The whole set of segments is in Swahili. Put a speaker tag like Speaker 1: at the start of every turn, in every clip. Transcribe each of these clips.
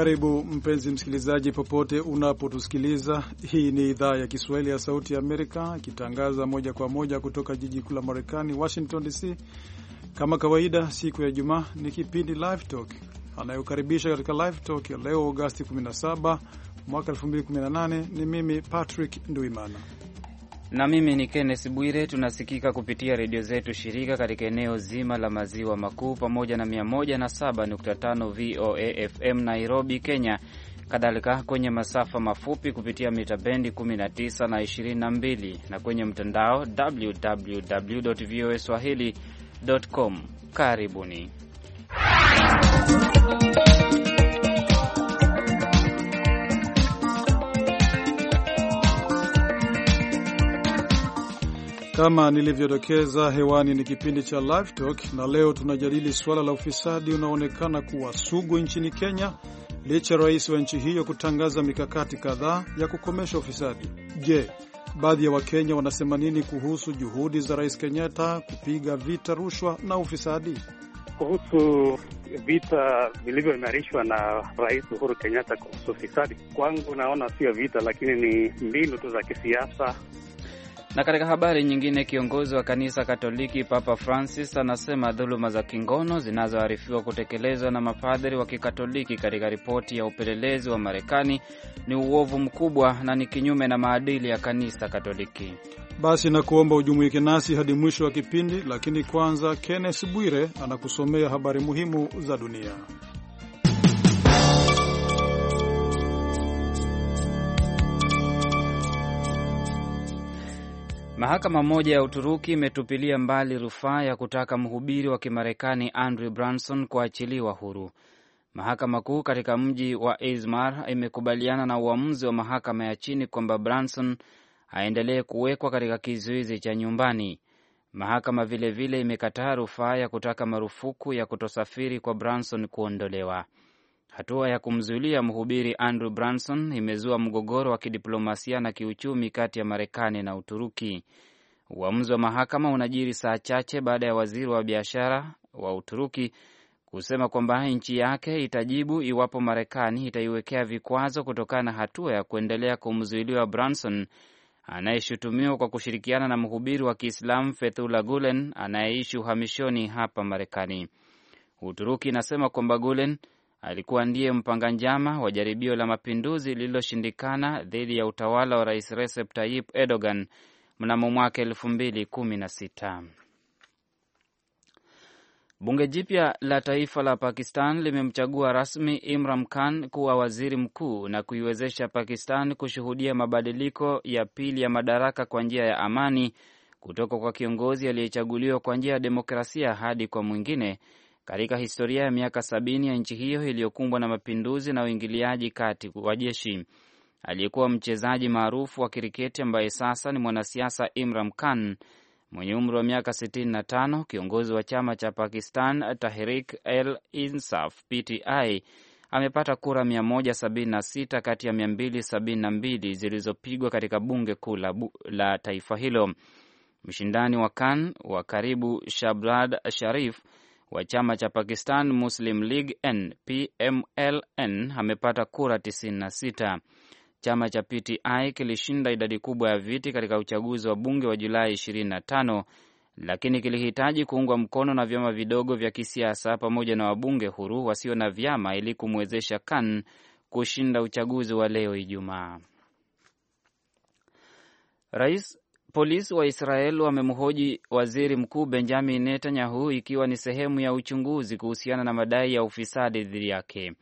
Speaker 1: Karibu mpenzi msikilizaji, popote unapotusikiliza. Hii ni idhaa ya Kiswahili ya Sauti ya Amerika ikitangaza moja kwa moja kutoka jiji kuu la Marekani, Washington DC. Kama kawaida, siku ya Ijumaa ni kipindi Live Talk anayokaribisha katika Live Talk leo Agosti 17 mwaka 2018 ni mimi Patrick Nduimana
Speaker 2: na mimi ni Kenneth Bwire. Tunasikika kupitia redio zetu shirika katika eneo zima la maziwa makuu pamoja na 107.5 VOA FM Nairobi, Kenya, kadhalika kwenye masafa mafupi kupitia mita bendi 19 na 22 na kwenye mtandao www voa swahili com. Karibuni
Speaker 1: Kama nilivyodokeza hewani, ni kipindi cha Live Talk na leo tunajadili suala la ufisadi unaoonekana kuwa sugu nchini Kenya licha ya rais wa nchi hiyo kutangaza mikakati kadhaa ya kukomesha ufisadi. Je, baadhi ya Wakenya wanasema nini kuhusu juhudi za Rais Kenyatta kupiga vita rushwa na ufisadi?
Speaker 3: Kuhusu vita vilivyoimarishwa na Rais Uhuru Kenyatta kuhusu ufisadi, kwangu naona sio vita, lakini ni mbinu tu za kisiasa
Speaker 2: na katika habari nyingine, kiongozi wa kanisa Katoliki Papa Francis anasema dhuluma za kingono zinazoarifiwa kutekelezwa na mapadhiri wa Kikatoliki katika ripoti ya upelelezi wa Marekani ni uovu mkubwa na ni kinyume na maadili ya kanisa Katoliki.
Speaker 1: Basi na kuomba ujumuike nasi hadi mwisho wa kipindi, lakini kwanza, Kenneth Bwire anakusomea habari muhimu za dunia.
Speaker 2: Mahakama moja ya Uturuki imetupilia mbali rufaa ya kutaka mhubiri wa Kimarekani Andrew Branson kuachiliwa huru. Mahakama kuu katika mji wa Izmir imekubaliana na uamuzi wa mahakama ya chini kwamba Branson aendelee kuwekwa katika kizuizi cha nyumbani. Mahakama vilevile imekataa rufaa ya kutaka marufuku ya kutosafiri kwa Branson kuondolewa. Hatua ya kumzuilia mhubiri Andrew Branson imezua mgogoro wa kidiplomasia na kiuchumi kati ya Marekani na Uturuki. Uamuzi wa mahakama unajiri saa chache baada ya waziri wa biashara wa Uturuki kusema kwamba nchi yake itajibu iwapo Marekani itaiwekea vikwazo kutokana na hatua ya kuendelea kumzuiliwa Branson anayeshutumiwa kwa kushirikiana na mhubiri wa Kiislamu Fethullah Gulen anayeishi uhamishoni hapa Marekani. Uturuki inasema kwamba Gulen alikuwa ndiye mpanga njama wa jaribio la mapinduzi lililoshindikana dhidi ya utawala wa Rais Recep Tayyip Erdogan mnamo mwaka elfu mbili kumi na sita. Bunge jipya la taifa la Pakistan limemchagua rasmi Imran Khan kuwa waziri mkuu na kuiwezesha Pakistan kushuhudia mabadiliko ya pili ya madaraka kwa njia ya amani kutoka kwa kiongozi aliyechaguliwa kwa njia ya demokrasia hadi kwa mwingine katika historia ya miaka sabini ya nchi hiyo iliyokumbwa na mapinduzi na uingiliaji kati wa jeshi. Aliyekuwa mchezaji maarufu wa kiriketi ambaye sasa ni mwanasiasa Imran Khan mwenye umri wa miaka 65, kiongozi wa chama cha Pakistan Tahrik el Insaf PTI amepata kura 176 kati ya 272 zilizopigwa katika bunge kuu la taifa hilo. Mshindani wa Khan wa karibu Shablad Sharif wa chama cha Pakistan Muslim League n PMLN amepata kura 96. Chama cha PTI kilishinda idadi kubwa ya viti katika uchaguzi wa bunge wa Julai 25 lakini kilihitaji kuungwa mkono na vyama vidogo vya kisiasa pamoja na wabunge huru wasio na vyama ili kumwezesha Khan kushinda uchaguzi wa leo Ijumaa. Rais Polisi wa Israel wamemhoji waziri mkuu Benjamin Netanyahu ikiwa ni sehemu ya uchunguzi kuhusiana na madai ya ufisadi dhidi yake.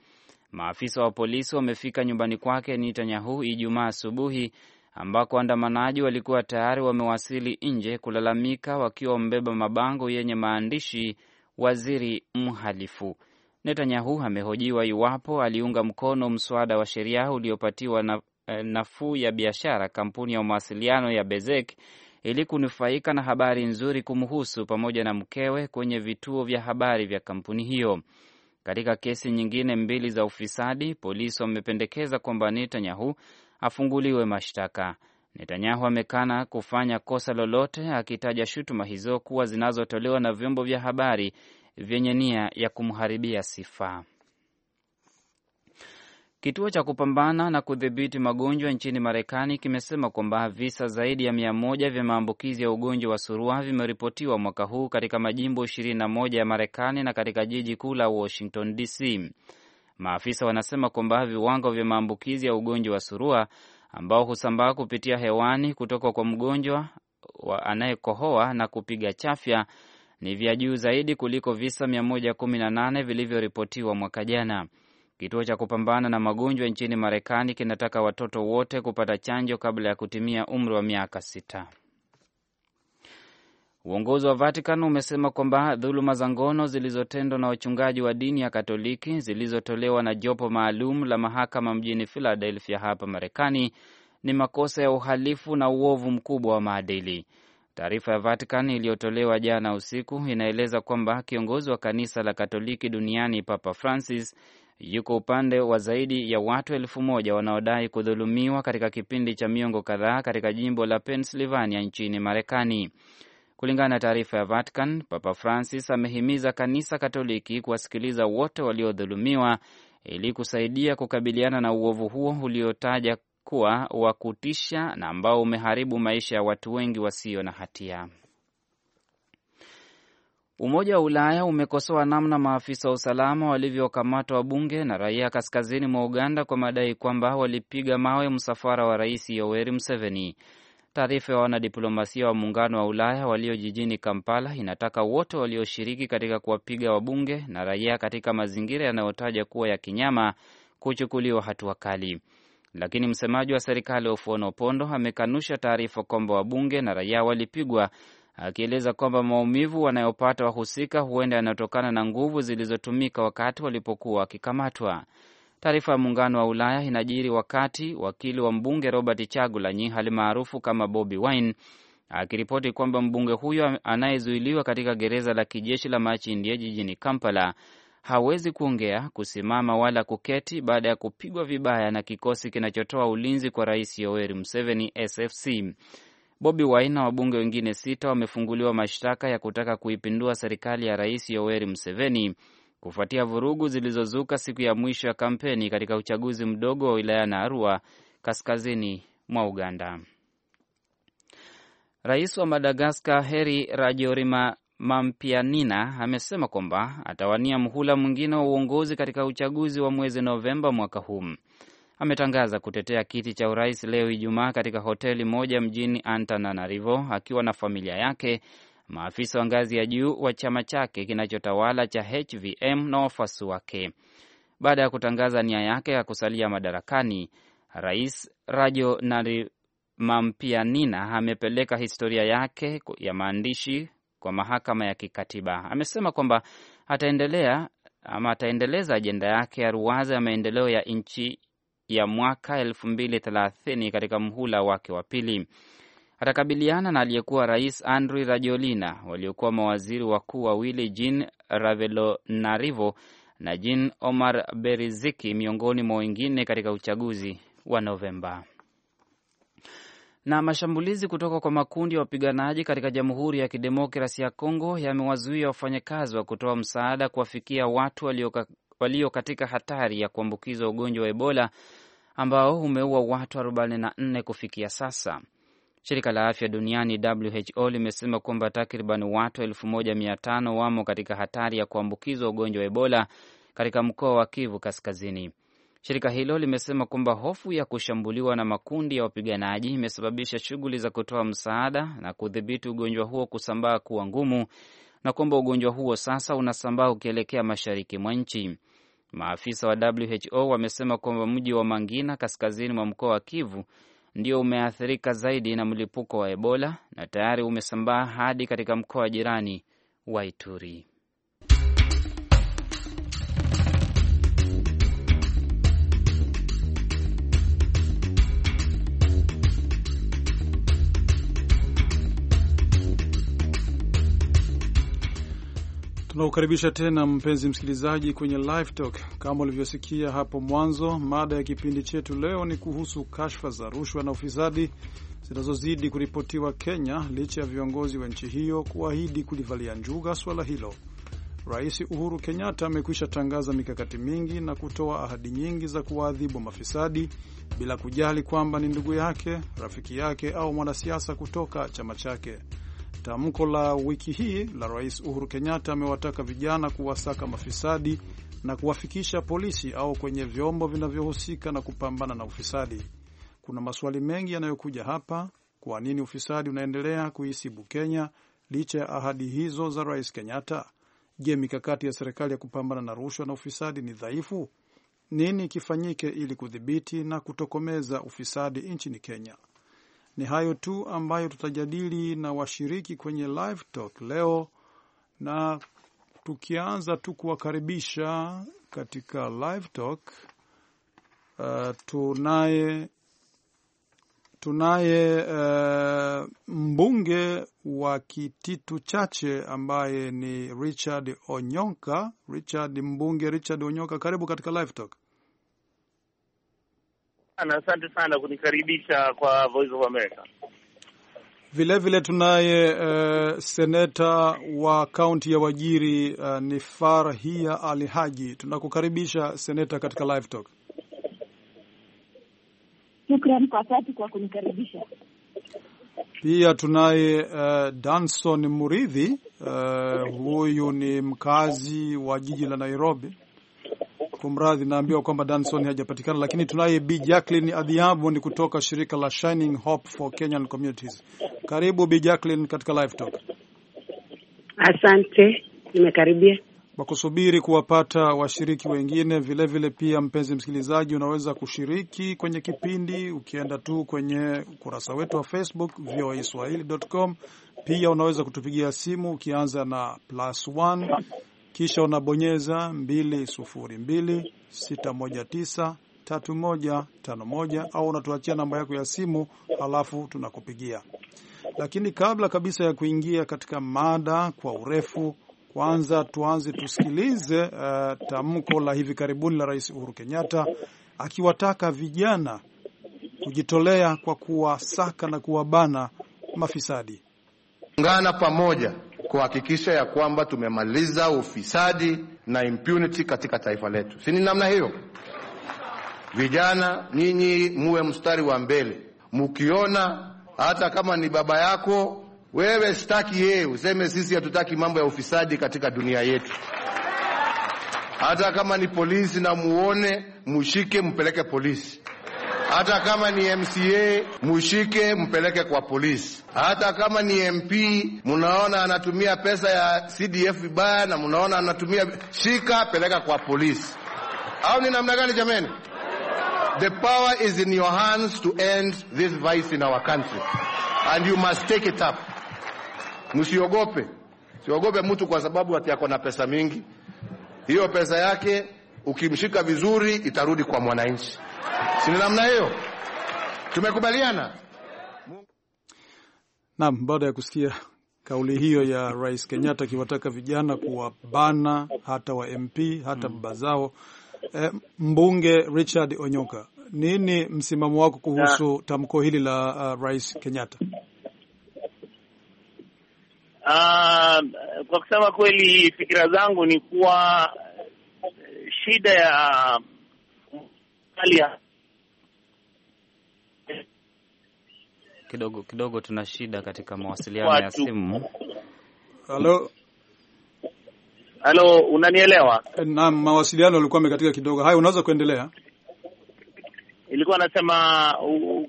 Speaker 2: Maafisa wa polisi wamefika nyumbani kwake Netanyahu Ijumaa asubuhi ambako waandamanaji walikuwa tayari wamewasili nje kulalamika wakiwa wamebeba mabango yenye maandishi waziri mhalifu. Netanyahu amehojiwa iwapo aliunga mkono mswada wa sheria uliopatiwa na Eh, nafuu ya biashara, kampuni ya mawasiliano ya Bezek ili kunufaika na habari nzuri kumhusu pamoja na mkewe kwenye vituo vya habari vya kampuni hiyo. Katika kesi nyingine mbili za ufisadi, polisi wamependekeza kwamba Netanyahu afunguliwe mashtaka. Netanyahu amekana kufanya kosa lolote, akitaja shutuma hizo kuwa zinazotolewa na vyombo vya habari vyenye nia ya kumharibia sifa. Kituo cha kupambana na kudhibiti magonjwa nchini Marekani kimesema kwamba visa zaidi ya mia moja vya maambukizi ya ugonjwa wa surua vimeripotiwa mwaka huu katika majimbo 21 ya Marekani na katika jiji kuu la Washington DC. Maafisa wanasema kwamba viwango vya maambukizi ya ugonjwa wa surua ambao husambaa kupitia hewani kutoka kwa mgonjwa anayekohoa na kupiga chafya ni vya juu zaidi kuliko visa 118 vilivyoripotiwa mwaka jana. Kituo cha kupambana na magonjwa nchini Marekani kinataka watoto wote kupata chanjo kabla ya kutimia umri wa miaka sita. Uongozi wa Vatican umesema kwamba dhuluma za ngono zilizotendwa na wachungaji wa dini ya Katoliki zilizotolewa na jopo maalum la mahakama mjini Philadelphia hapa Marekani ni makosa ya uhalifu na uovu mkubwa wa maadili. Taarifa ya Vatican iliyotolewa jana usiku inaeleza kwamba kiongozi wa kanisa la Katoliki duniani Papa Francis yuko upande wa zaidi ya watu elfu moja wanaodai kudhulumiwa katika kipindi cha miongo kadhaa katika jimbo la Pennsylvania nchini Marekani. Kulingana na taarifa ya Vatican, Papa Francis amehimiza kanisa Katoliki kuwasikiliza wote waliodhulumiwa ili kusaidia kukabiliana na uovu huo uliotaja kuwa wa kutisha na ambao umeharibu maisha ya watu wengi wasio na hatia. Umoja wa Ulaya umekosoa namna maafisa wa usalama walivyokamata wabunge na raia kaskazini mwa Uganda kwa madai kwamba walipiga mawe msafara wa Rais Yoweri Museveni. Taarifa ya wanadiplomasia wa Muungano wa Ulaya walio jijini Kampala inataka wote walioshiriki katika kuwapiga wabunge na raia katika mazingira yanayotaja kuwa ya kinyama kuchukuliwa hatua kali. Lakini msemaji wa serikali Ofuono Opondo amekanusha taarifa kwamba wabunge na raia walipigwa akieleza kwamba maumivu wanayopata wahusika huenda yanayotokana na nguvu zilizotumika wakati walipokuwa wakikamatwa. Taarifa ya Muungano wa Ulaya inajiri wakati wakili wa mbunge Robert Chagulanyi alimaarufu kama Bobi Wine akiripoti kwamba mbunge huyo anayezuiliwa katika gereza la kijeshi la Makindye jijini Kampala hawezi kuongea, kusimama wala kuketi baada ya kupigwa vibaya na kikosi kinachotoa ulinzi kwa Rais Yoweri Museveni SFC. Bobi Wine na wabunge wengine sita wamefunguliwa mashtaka ya kutaka kuipindua serikali ya Rais Yoweri Museveni kufuatia vurugu zilizozuka siku ya mwisho ya kampeni katika uchaguzi mdogo wa wilaya Arua kaskazini mwa Uganda. Rais wa Madagaskar Heri Rajorima Mampianina amesema kwamba atawania mhula mwingine wa uongozi katika uchaguzi wa mwezi Novemba mwaka huu ametangaza kutetea kiti cha urais leo Ijumaa katika hoteli moja mjini Antananarivo akiwa na familia yake, maafisa wa ngazi ya juu wa chama chake kinachotawala cha HVM na wafuasi wake. Baada ya kutangaza nia yake ya kusalia madarakani, Rais Rajo Narimampianina amepeleka historia yake ya maandishi kwa mahakama ya kikatiba. Amesema kwamba ataendelea ama ataendeleza ajenda yake ya ruwaza ya maendeleo ya nchi ya mwaka 2030 katika mhula wake wa pili. Atakabiliana na aliyekuwa rais Andry Rajoelina, waliokuwa mawaziri wakuu wawili Jean Ravelonarivo na Jean Omar Beriziki, miongoni mwa wengine katika uchaguzi wa Novemba. Na mashambulizi kutoka kwa makundi ya wapiganaji katika Jamhuri ya Kidemokrasi ya Kongo yamewazuia wafanyakazi wa kutoa msaada kuwafikia watu walioka walio katika hatari ya kuambukizwa ugonjwa wa Ebola ambao umeua watu 44 kufikia sasa. Shirika la afya duniani WHO limesema kwamba takriban watu 1500 wamo katika hatari ya kuambukizwa ugonjwa wa Ebola katika mkoa wa Kivu Kaskazini. Shirika hilo limesema kwamba hofu ya kushambuliwa na makundi ya wapiganaji imesababisha shughuli za kutoa msaada na kudhibiti ugonjwa huo kusambaa kuwa ngumu, na kwamba ugonjwa huo sasa unasambaa ukielekea mashariki mwa nchi. Maafisa wa WHO wamesema kwamba mji wa Mangina kaskazini mwa mkoa wa Kivu ndio umeathirika zaidi na mlipuko wa Ebola na tayari umesambaa hadi katika mkoa jirani wa Ituri.
Speaker 1: Tunakukaribisha tena mpenzi msikilizaji kwenye Live Talk. Kama ulivyosikia hapo mwanzo, mada ya kipindi chetu leo ni kuhusu kashfa za rushwa na ufisadi zinazozidi kuripotiwa Kenya, licha ya viongozi wa nchi hiyo kuahidi kulivalia njuga swala hilo. Rais Uhuru Kenyatta amekwisha tangaza mikakati mingi na kutoa ahadi nyingi za kuwaadhibu mafisadi bila kujali kwamba ni ndugu yake, rafiki yake au mwanasiasa kutoka chama chake. Tamko la wiki hii la Rais Uhuru Kenyatta amewataka vijana kuwasaka mafisadi na kuwafikisha polisi au kwenye vyombo vinavyohusika na kupambana na ufisadi. Kuna maswali mengi yanayokuja hapa. Kwa nini ufisadi unaendelea kuisibu Kenya licha ya ahadi hizo za Rais Kenyatta? Je, mikakati ya serikali ya kupambana na rushwa na ufisadi ni dhaifu? Nini kifanyike ili kudhibiti na kutokomeza ufisadi nchini Kenya? Ni hayo tu ambayo tutajadili na washiriki kwenye live talk leo, na tukianza tu kuwakaribisha katika live talk uh, tunaye tunaye uh, mbunge wa Kititu Chache ambaye ni Richard Onyonka. Richard, mbunge Richard Onyonka, karibu katika live talk
Speaker 4: sana, asante sana kunikaribisha kwa Voice of America.
Speaker 1: Vile vile tunaye uh, seneta wa kaunti ya Wajiri uh, ni Farhia Ali Haji. Tunakukaribisha seneta katika live talk.
Speaker 5: Shukran kwa dhati kwa kunikaribisha.
Speaker 1: Pia tunaye uh, Danson Muridhi uh, huyu ni mkazi wa jiji la Nairobi Kumradhi, naambiwa kwamba Danson hajapatikana, lakini tunaye Bi Jacqueline Adhiambo ni kutoka shirika la Shining Hope for Kenyan Communities. Karibu Bi Jacqueline katika Live Talk.
Speaker 6: Asante, nimekaribia
Speaker 1: kwa kusubiri kuwapata washiriki wengine. Vilevile vile pia, mpenzi msikilizaji, unaweza kushiriki kwenye kipindi ukienda tu kwenye ukurasa wetu wa Facebook voaswahili.com. Pia unaweza kutupigia simu ukianza na plus one kisha unabonyeza mbili sufuri mbili sita moja tisa tatu moja tano moja au unatuachia namba yako ya simu, halafu tunakupigia. Lakini kabla kabisa ya kuingia katika mada kwa urefu, kwanza tuanze tusikilize uh, tamko la hivi karibuni la Rais Uhuru Kenyatta akiwataka vijana kujitolea kwa kuwasaka na kuwabana mafisadi.
Speaker 7: Ungana pamoja kuhakikisha ya kwamba tumemaliza ufisadi na impunity katika taifa letu. Si ni namna hiyo? Vijana nyinyi muwe mstari wa mbele, mkiona hata kama ni baba yako wewe, sitaki yeye, useme sisi hatutaki mambo ya ufisadi katika dunia yetu. Hata kama ni polisi na muone, mushike, mpeleke polisi. Hata kama ni MCA mushike, mpeleke kwa polisi. Hata kama ni MP munaona anatumia pesa ya CDF vibaya na munaona anatumia, shika, peleka kwa polisi. Au ni namna gani jameni? The power is in your hands to end this vice in our country and you must take it up. Msiogope, siogope mtu kwa sababu ati ako na pesa mingi. Hiyo pesa yake ukimshika vizuri itarudi kwa mwananchi ni namna hiyo, tumekubaliana.
Speaker 1: nam baada ya kusikia kauli hiyo ya Rais Kenyatta akiwataka vijana kuwabana hata wa MP hata hmm. zao, e, mbunge Richard Onyoka, nini msimamo wako kuhusu ah. tamko hili la uh, Rais Kenyatta?
Speaker 4: Uh, kwa kusema kweli, fikira zangu ni kuwa eh, shida ya
Speaker 2: Kidogo kidogo tuna shida katika mawasiliano ya simu.
Speaker 1: Halo. Halo, unanielewa? Naam, mawasiliano yalikuwa amekatika kidogo. Haya, unaweza kuendelea.
Speaker 4: Ilikuwa nasema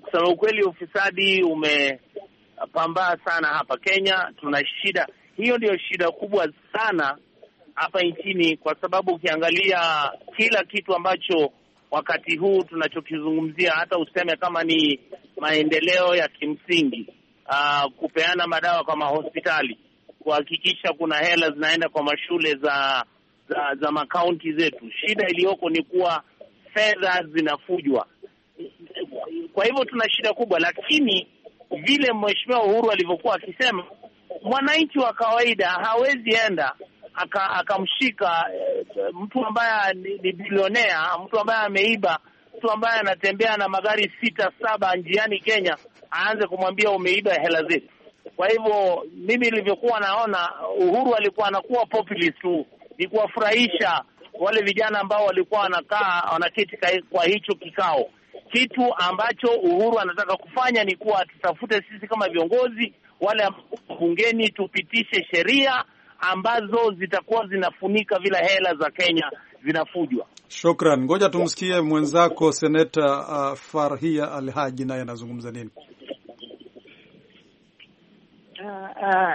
Speaker 4: kusema ukweli, ufisadi umepambaa sana hapa Kenya. Tuna shida hiyo, ndiyo shida kubwa sana hapa nchini, kwa sababu ukiangalia kila kitu ambacho wakati huu tunachokizungumzia, hata useme kama ni maendeleo ya kimsingi, aa, ah, kupeana madawa kwa mahospitali, kuhakikisha kuna hela zinaenda kwa mashule za za, za makaunti zetu. Shida iliyoko ni kuwa fedha zinafujwa, kwa hivyo tuna shida kubwa, lakini vile Mheshimiwa Uhuru alivyokuwa akisema, mwananchi wa kawaida hawezi enda akamshika aka eh, mtu ambaye ni, ni bilionea, mtu ambaye ameiba, mtu ambaye anatembea na magari sita saba njiani Kenya, aanze kumwambia umeiba hela zetu. Kwa hivyo mimi nilivyokuwa naona Uhuru alikuwa anakuwa populist tu, ni kuwafurahisha wale vijana ambao walikuwa wanakaa wanaketi kwa hicho kikao. Kitu ambacho Uhuru anataka kufanya ni kuwa tutafute sisi kama viongozi wale bungeni tupitishe sheria ambazo zitakuwa zinafunika vile hela za Kenya zinafujwa.
Speaker 1: Shukran, ngoja tumsikie mwenzako seneta uh, Farhia Alhaji naye anazungumza nini?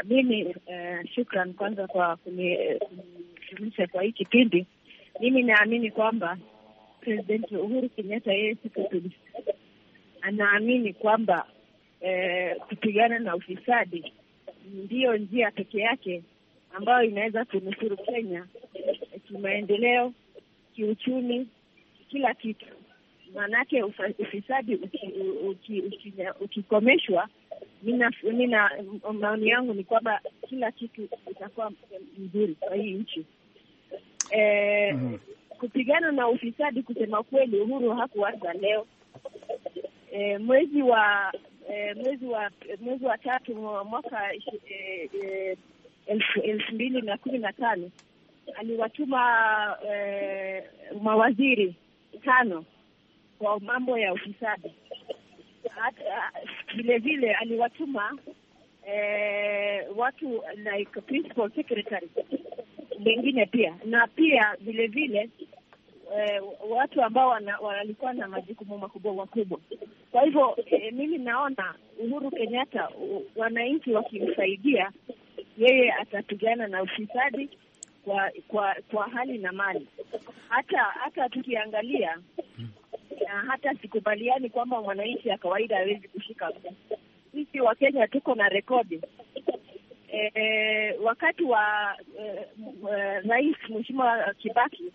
Speaker 5: Mimi uh, uh, uh, shukran kwanza kwa kunishirikisha kwa hii kipindi. Mimi naamini kwamba President Uhuru Kenyatta yeye siku anaamini kwamba eh, kupigana na ufisadi ndiyo njia pekee yake ambayo inaweza kunusuru Kenya kimaendeleo, kiuchumi, kila kitu. Maanake ufisadi ukikomeshwa, mina maoni yangu ni kwamba kila kitu itakuwa mzuri kwa hii nchi e, mm. Kupigana na ufisadi, kusema kweli, Uhuru hakuanza leo. E, mwezi wa e, mwezi wa mwezi wa tatu mwaka e, e, elfu mbili na kumi na tano aliwatuma eh, mawaziri tano kwa mambo ya ufisadi. Uh, vile vile aliwatuma eh, watu like principal secretary wengine pia, na pia vile vile eh, watu ambao walikuwa na majukumu makubwa makubwa. Kwa hivyo eh, mimi naona Uhuru Kenyatta, wananchi wakimsaidia yeye atapigana na ufisadi kwa kwa kwa hali na mali. Hata hata tukiangalia hmm. na hata sikubaliani kwamba mwananchi ya kawaida hawezi kushika. Sisi Wakenya tuko na rekodi e, e, wakati wa e, e, rais Mheshimiwa Kibaki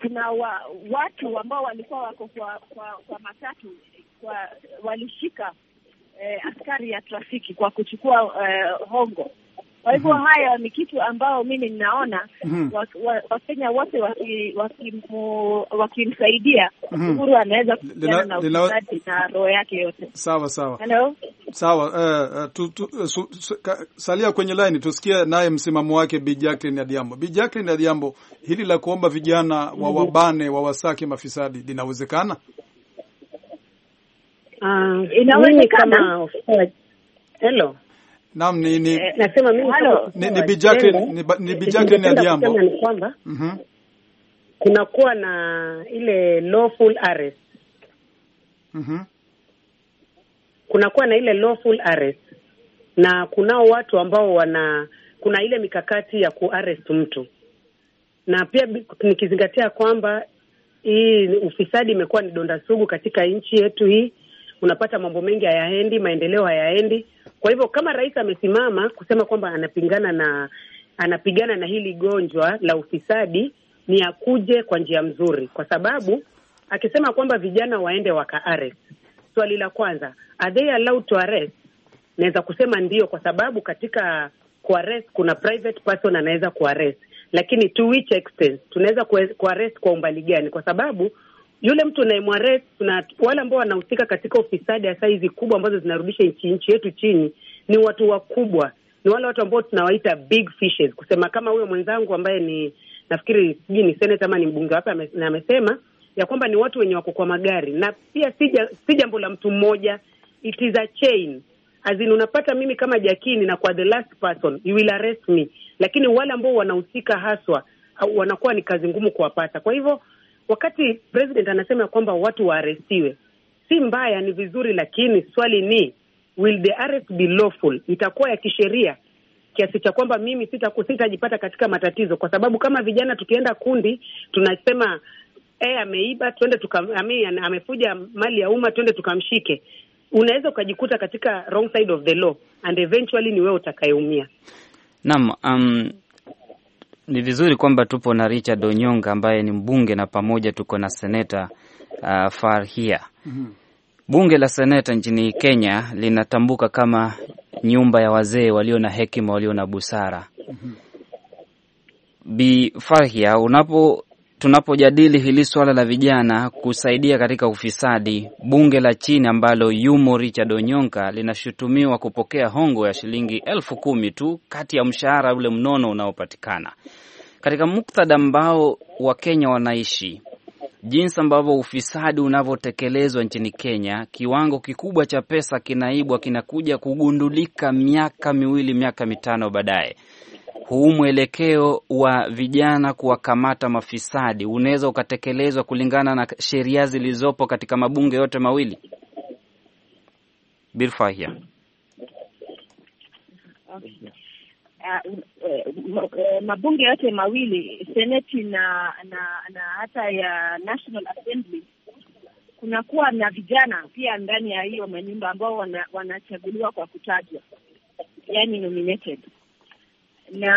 Speaker 5: kuna wa, watu ambao walikuwa wako kwa kwa, kwa matatu kwa, walishika e, askari ya trafiki kwa kuchukua e, hongo kwa hivyo mm -hmm. Haya ni kitu ambao mimi ninaona mm -hmm. Wakenya wa, wote wakimsaidia waki mhm. waki Uhuru anaweza kupigana na ufisadi na roho yake yote.
Speaker 1: Sawa sawa. Hello? Sawa uh, tu, tu, eh, su, su, ka, salia kwenye line tusikie naye msimamo wake Bi Jacqueline Adiambo. Bi Jacqueline Adiambo, hili la kuomba vijana mhm. wa wabane wa wasake mafisadi linawezekana? Uh, inawezekana. Hello. Naam, ni ni eh, eh nasema mimi halo, ni, ni Bijakli ni, ni eh, ni kwamba mhm mm
Speaker 6: kunakuwa na ile lawful arrest mhm mm kunakuwa na ile lawful arrest na kunao watu ambao wana kuna ile mikakati ya kuarrest mtu na pia nikizingatia kwamba hii ufisadi imekuwa ni donda sugu katika nchi yetu hii, unapata mambo mengi hayaendi, maendeleo hayaendi. Kwa hivyo kama rais amesimama kusema kwamba anapingana na anapigana na hili gonjwa la ufisadi, ni akuje kwa njia mzuri, kwa sababu akisema kwamba vijana waende arrest, swali la kwanza, are they allowed to arrest? Naweza kusema ndio, kwa sababu katika kuarrest kuna private person anaweza kuarrest, lakini to which extent tunaweza kuarrest kwa umbali gani? Kwa sababu yule mtu unayemwaret na wale ambao wanahusika katika ufisadi, hasa hizi kubwa ambazo zinarudisha nchi nchi yetu chini, ni watu wakubwa, ni wale watu ambao tunawaita big fishes. Kusema kama huyo mwenzangu ambaye ni nafikiri sijui ni seneta ama ni mbunge wapi, na amesema ya kwamba ni watu wenye wako kwa magari, na pia si jambo la mtu mmoja, it is a chain azini. Unapata mimi kama jakini na kwa the last person you will arrest me, lakini wale ambao wanahusika haswa wanakuwa ni kazi ngumu kuwapata. Kwa hivyo wakati president anasema kwamba watu waarestiwe, si mbaya, ni vizuri, lakini swali ni will the arrest be lawful, itakuwa ya kisheria kiasi cha kwamba mimi sitajipata katika matatizo, kwa sababu kama vijana tukienda kundi tunasema eh, ameiba tuende tukam, amefuja mali ya umma tuende tukamshike, unaweza ukajikuta katika wrong side of the law and eventually ni wewe utakayeumia.
Speaker 2: Naam, um ni vizuri kwamba tupo na Richard Onyonga ambaye ni mbunge na pamoja tuko na seneta uh, Farhia. mm -hmm. Bunge la seneta nchini Kenya linatambuka kama nyumba ya wazee walio na hekima, walio na busara. mm -hmm. Bi Farhia, unapo tunapojadili hili swala la vijana kusaidia katika ufisadi, bunge la chini ambalo yumo Richard Onyonka linashutumiwa kupokea hongo ya shilingi elfu kumi tu kati ya mshahara ule mnono unaopatikana katika muktadha ambao Wakenya wanaishi, jinsi ambavyo ufisadi unavyotekelezwa nchini Kenya, kiwango kikubwa cha pesa kinaibwa kinakuja kugundulika miaka miwili, miaka mitano baadaye huu mwelekeo wa vijana kuwakamata mafisadi unaweza ukatekelezwa kulingana na sheria zilizopo katika mabunge yote mawili? Birfahia.
Speaker 5: uh, eh, mabunge yote mawili seneti na na na hata ya National Assembly kunakuwa na vijana pia ndani ya hiyo manyumba ambao wana, wanachaguliwa kwa kutajwa, yani nominated na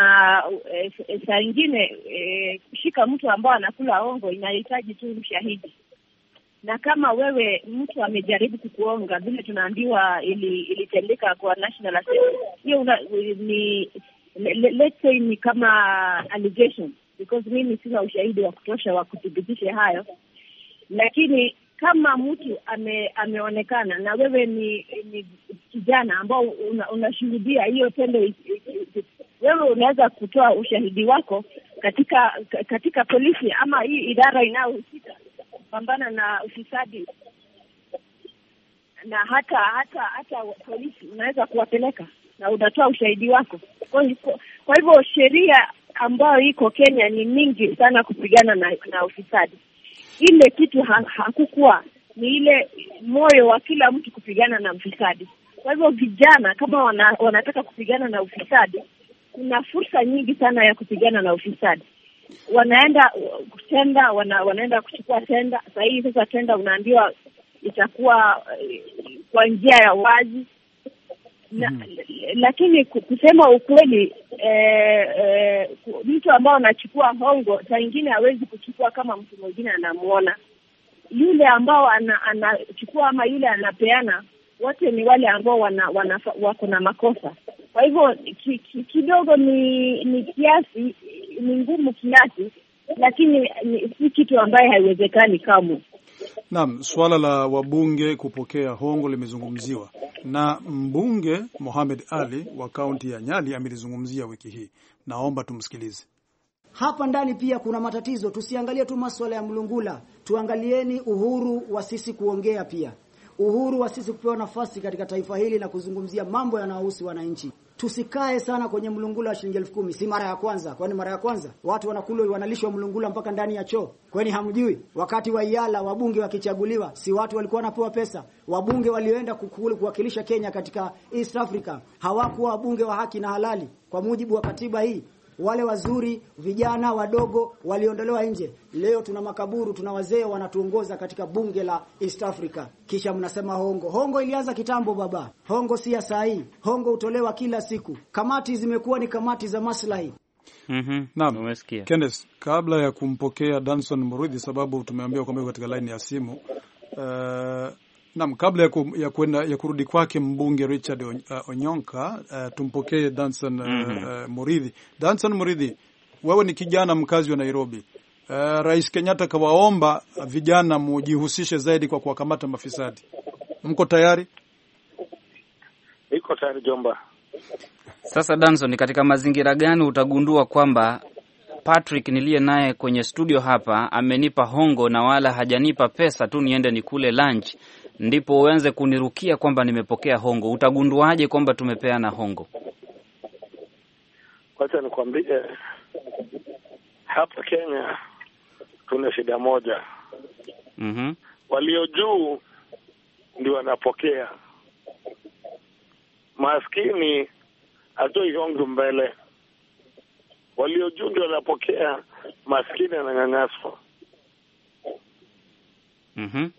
Speaker 5: e, saa ingine e, kushika mtu ambao anakula ongo inahitaji tu mshahidi, na kama wewe mtu amejaribu kukuonga vile tunaambiwa ili, ilitendeka kwa National Assembly hiyo ni let's say ni kama allegation because mimi sina ushahidi wa kutosha wa kuthibitisha hayo, lakini kama mtu ame, ameonekana na wewe ni, ni kijana ambao unashuhudia una hiyo tendo wewe unaweza kutoa ushahidi wako katika katika polisi ama hii idara inayohusika kupambana na ufisadi, na hata hata hata polisi unaweza kuwapeleka na unatoa ushahidi wako. Kwa, kwa hivyo sheria ambayo iko Kenya ni mingi sana kupigana na, na ufisadi. Ile kitu ha, hakukuwa ni ile moyo wa kila mtu kupigana na ufisadi. Kwa hivyo vijana kama wana, wanataka kupigana na ufisadi kuna fursa nyingi sana ya kupigana na ufisadi. Wanaenda tenda, wana, wanaenda kuchukua tenda. Saa hii sasa tenda unaambiwa itakuwa eh, kwa njia ya wazi na, mm. Lakini kusema ukweli eh, eh, mtu ambao anachukua hongo saa ingine hawezi kuchukua kama mtu mwingine anamwona yule ambao anachukua ana, ama yule anapeana wote ni wale ambao wana, wana, wako na makosa. Kwa hivyo ki, ki, kidogo ni ni kiasi, ni ngumu kiasi, lakini si kitu ambaye haiwezekani kamwe.
Speaker 1: Naam, suala la wabunge kupokea hongo limezungumziwa na mbunge Mohamed Ali wa kaunti ya Nyali amelizungumzia wiki hii. Naomba tumsikilize.
Speaker 6: Hapa ndani pia kuna matatizo, tusiangalie tu masuala ya mlungula, tuangalieni uhuru wa sisi kuongea pia uhuru wa sisi kupewa nafasi katika taifa hili na kuzungumzia mambo yanayohusu wananchi. Tusikae sana kwenye mlungula wa shilingi elfu kumi. Si mara ya kwanza, kwani mara ya kwanza watu wanakula wanalishwa mlungula mpaka ndani ya choo? Kwani hamjui wakati wa Iala wabunge wakichaguliwa, si watu walikuwa wanapewa pesa? Wabunge walioenda kuwakilisha Kenya katika East Africa hawakuwa wabunge wa haki na halali kwa mujibu wa katiba hii wale wazuri, vijana wadogo waliondolewa nje. Leo tuna makaburu, tuna wazee wanatuongoza katika bunge la East Africa, kisha mnasema hongo. Hongo ilianza kitambo baba, hongo si ya saa hii. Hongo hutolewa kila siku, kamati zimekuwa ni kamati za maslahi.
Speaker 1: Mm -hmm. Naam. Umesikia. kabla ya kumpokea Danson Muridi, sababu tumeambiwa kwamba katika line ya simu uh, nam kabla ya, ku, ya, kuenda, ya kurudi kwake mbunge Richard uh, Onyonka, uh, tumpokee Danson uh, mm -hmm. uh, Muridhi. Danson Muridhi, wewe ni kijana mkazi wa Nairobi. Uh, Rais Kenyatta kawaomba vijana mujihusishe zaidi kwa kuwakamata mafisadi. Mko tayari? iko
Speaker 8: tayari Jomba.
Speaker 2: Sasa Danson, katika mazingira gani utagundua kwamba Patrick niliye naye kwenye studio hapa amenipa hongo na wala hajanipa pesa tu niende nikule lunch ndipo uanze kunirukia kwamba nimepokea hongo. Utagunduaje kwamba tumepeana hongo?
Speaker 8: Wacha nikwambie, hapa Kenya tuna shida moja. mm -hmm. Walio juu ndio wanapokea, maskini hatoi hongo mbele. Walio juu ndio wanapokea, maskini ananyanyaswa.
Speaker 2: mm -hmm.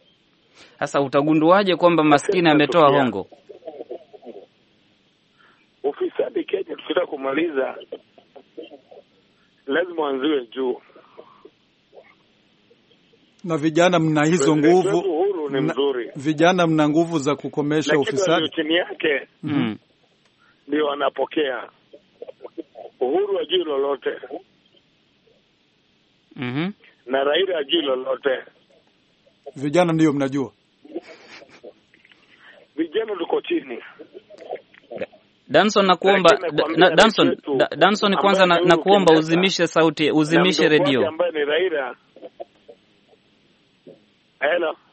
Speaker 2: Sasa utagunduaje kwamba maskini ametoa hongo?
Speaker 8: Ufisadi Kenya tukitaka kumaliza lazima wanziwe juu
Speaker 1: na vijana mna hizo nguvu Na, vijana mna nguvu za kukomesha ufisadi
Speaker 8: chini yake mm. Ndio wanapokea uhuru hajui lolote mm -hmm. na Raila hajui lolote
Speaker 1: Vijana ndiyo mnajua
Speaker 8: vijana tuko chini.
Speaker 2: Danson,
Speaker 1: nakuomba na, Danson, Danson kwanza na, kuomba uzimishe
Speaker 8: sauti, uzimishe redio.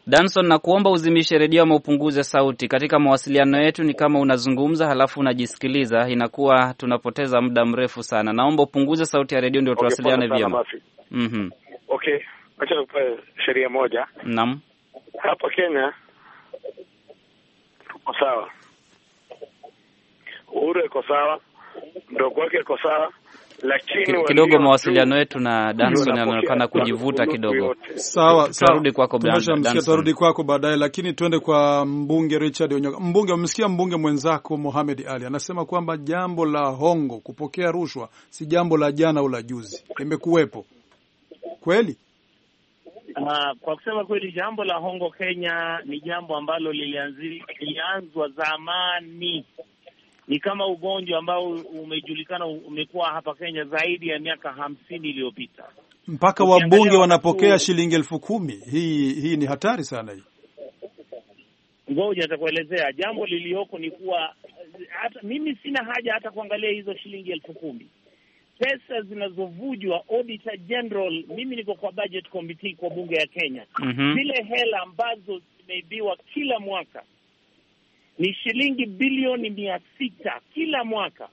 Speaker 2: Danson, nakuomba uzimishe redio ama upunguze sauti. Katika mawasiliano yetu ni kama unazungumza halafu unajisikiliza, inakuwa tunapoteza muda mrefu sana. Naomba upunguze sauti ya redio ndio tuwasiliane vyema. mhm mm
Speaker 8: Okay. Wacha nikupe sheria moja. Naam, hapa Kenya tuko sawa, Uhuru iko sawa, mdogo wake iko sawa, lakini kidogo
Speaker 2: mawasiliano yetu na Danson yanaonekana kujivuta kidogo. Sawa, tarudi kwako, tarudi
Speaker 1: kwako baadaye, lakini tuende kwa mbunge Richard Onyoka. Mbunge, umesikia mbunge mwenzako Mohamed Ali anasema kwamba jambo la hongo, kupokea rushwa si jambo la jana au la juzi, limekuwepo kweli Uh, kwa kusema
Speaker 4: kweli jambo la hongo Kenya ni jambo ambalo lilianzwa zamani. Ni kama ugonjwa ambao umejulikana umekuwa hapa Kenya zaidi ya miaka hamsini iliyopita,
Speaker 1: mpaka wabunge wanapokea shilingi elfu kumi. Hii hii ni hatari sana hii.
Speaker 4: Ngoja nitakuelezea jambo liliyoko ni kuwa hata, mimi sina haja hata kuangalia hizo shilingi elfu kumi pesa zinazovujwa auditor general, mimi niko kwa budget committee kwa bunge ya Kenya. mm -hmm. Zile hela ambazo zimeibiwa kila mwaka ni shilingi bilioni mia sita kila mwaka,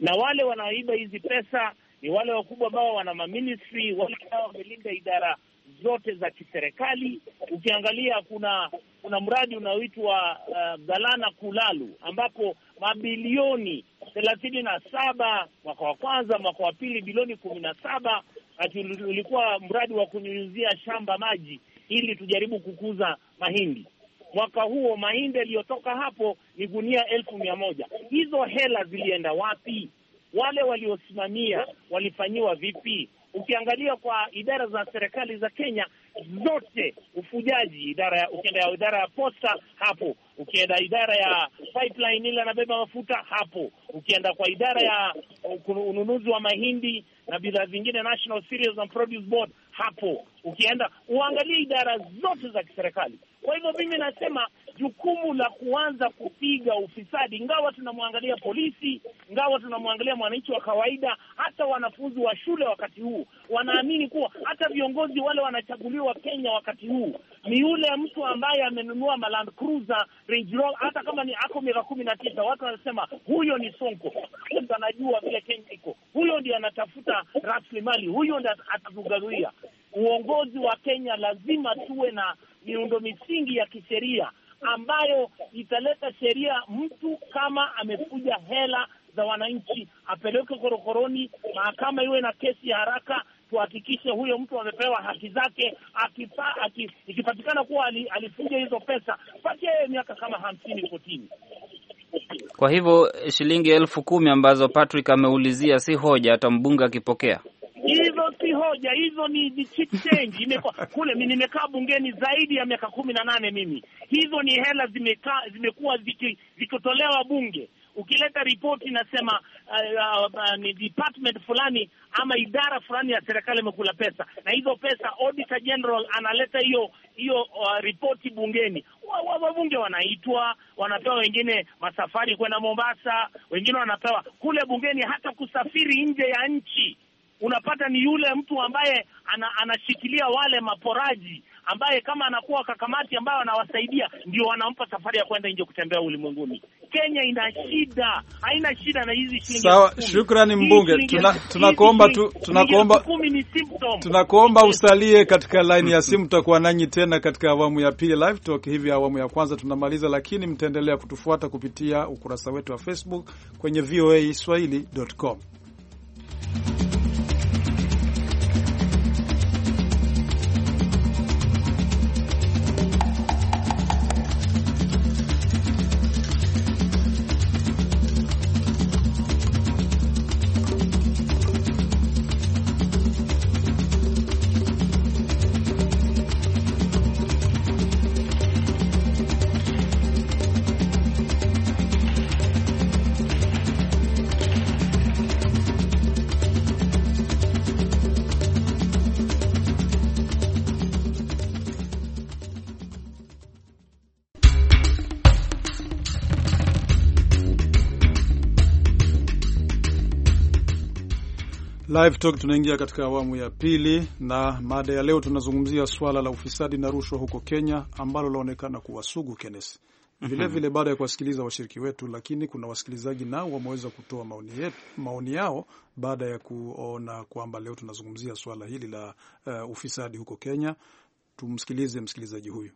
Speaker 4: na wale wanaoiba hizi pesa ni wale wakubwa ambao wana maministry, wale ambao wamelinda idara zote za kiserikali. Ukiangalia kuna kuna mradi unaoitwa uh, Galana Kulalu ambapo mabilioni thelathini na saba mwaka wa kwanza, mwaka wa pili bilioni kumi na saba ati ulikuwa mradi wa kunyunyuzia shamba maji ili tujaribu kukuza mahindi. Mwaka huo mahindi yaliyotoka hapo ni gunia elfu mia moja. Hizo hela zilienda wapi? Wale waliosimamia walifanyiwa vipi? ukiangalia kwa idara za serikali za Kenya zote ufujaji, idara ya ukienda idara ya posta hapo, ukienda idara ya pipeline ile anabeba mafuta hapo, ukienda kwa idara ya uh, ununuzi wa mahindi na bidhaa zingine, National Cereals and Produce Board hapo, ukienda uangalie idara zote za kiserikali. Kwa hivyo mimi nasema jukumu la kuanza kupiga ufisadi, ingawa tunamwangalia polisi, ingawa tunamwangalia mwananchi wa kawaida, hata wanafunzi wa shule wakati huu wanaamini kuwa hata viongozi wale wanachaguliwa Kenya wakati huu ni yule mtu ambaye amenunua Land Cruiser, Range Rover, hata kama ni ako miaka kumi na tisa, watu wanasema huyo ni Sonko, anajua vile Kenya iko, huyo ndio anatafuta rasilimali, huyo ndio atatugaruia uongozi wa Kenya. Lazima tuwe na miundo misingi ya kisheria ambayo italeta sheria, mtu kama amefuja hela za wananchi apelekwe korokoroni, mahakama iwe na kesi ya haraka tuhakikishe huyo mtu amepewa haki zake. Akipa, aki, ikipatikana kuwa alifuja hizo pesa basi yeye miaka kama hamsini kotini.
Speaker 2: Kwa hivyo shilingi elfu kumi ambazo Patrick ameulizia si hoja, hata mbunge akipokea
Speaker 4: si hoja hizo, ni, ni cheap change. Imekuwa kule, nimekaa bungeni zaidi ya miaka kumi na nane mimi, hizo ni hela zimekuwa zikitolewa bunge ukileta ripoti inasema uh, uh, uh, ni department fulani ama idara fulani ya serikali imekula pesa, na hizo pesa auditor general analeta hiyo hiyo uh, ripoti bungeni. Wabunge wa, wa wanaitwa, wanapewa wengine masafari kwenda Mombasa, wengine wanapewa kule bungeni hata kusafiri nje ya nchi unapata ni yule mtu ambaye ana, anashikilia wale maporaji ambaye kama anakuwa kakamati ambayo anawasaidia ndio wanampa safari ya kwenda nje kutembea ulimwenguni. Kenya ina shida, haina shida na hizi shilingi. Sawa, shukrani mbunge, tunakuomba tunakuomba
Speaker 1: tunakuomba usalie katika line ya simu, tutakuwa nanyi tena katika awamu ya pili live talk. Hivi awamu ya kwanza tunamaliza, lakini mtaendelea kutufuata kupitia ukurasa wetu wa Facebook kwenye voaswahili.com. Live Talk tunaingia katika awamu ya pili, na mada ya leo tunazungumzia swala la ufisadi na rushwa huko Kenya ambalo laonekana kuwa sugu Kenneth. Vilevile mhm. vile baada ya kuwasikiliza washiriki wetu, lakini kuna wasikilizaji nao wameweza kutoa maoni, yetu, maoni yao baada ya kuona kwamba leo tunazungumzia swala hili la uh, ufisadi huko Kenya. Tumsikilize msikilizaji huyu.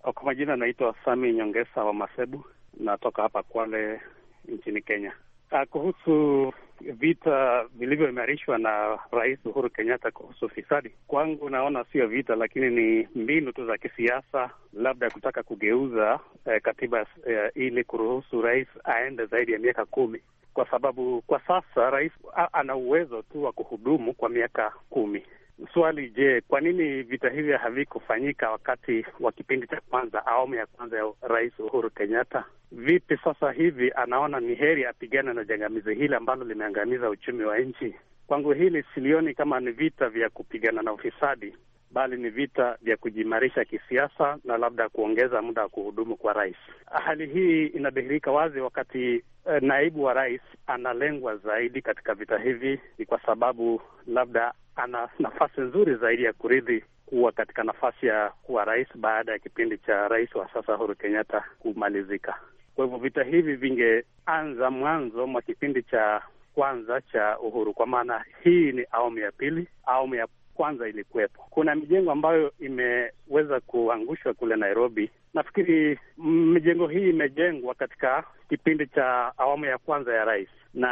Speaker 3: Kwa majina naitwa Sami Nyongesa wa Masebu, natoka hapa Kwale nchini Kenya. Ah, kuhusu vita vilivyoimarishwa na Rais Uhuru Kenyatta kuhusu fisadi, kwangu naona sio vita, lakini ni mbinu tu za kisiasa, labda kutaka kugeuza eh, katiba eh, ili kuruhusu rais aende zaidi ya miaka kumi kwa sababu kwa sasa rais ana uwezo tu wa kuhudumu kwa miaka kumi swali, je, kwa nini vita hivyo havikufanyika wakati wa kipindi cha kwanza, awamu ya kwanza ya Rais Uhuru Kenyatta? Vipi sasa hivi anaona ni heri apigane na jangamizi hili ambalo limeangamiza uchumi wa nchi? Kwangu hili silioni kama ni vita vya kupigana na ufisadi, bali ni vita vya kujiimarisha kisiasa na labda kuongeza muda wa kuhudumu kwa rais. Hali hii inadhihirika wazi wakati eh, naibu wa rais analengwa zaidi katika vita hivi, ni kwa sababu labda ana nafasi nzuri zaidi ya kuridhi kuwa katika nafasi ya kuwa rais baada ya kipindi cha rais wa sasa Uhuru Kenyatta kumalizika. Kwa hivyo vita hivi vingeanza mwanzo mwa kipindi cha kwanza cha Uhuru, kwa maana hii ni awamu ya pili. Awamu ya kwanza ilikuwepo. Kuna mijengo ambayo imeweza kuangushwa kule Nairobi. Nafikiri mm, mijengo hii imejengwa katika kipindi cha awamu ya kwanza ya rais, na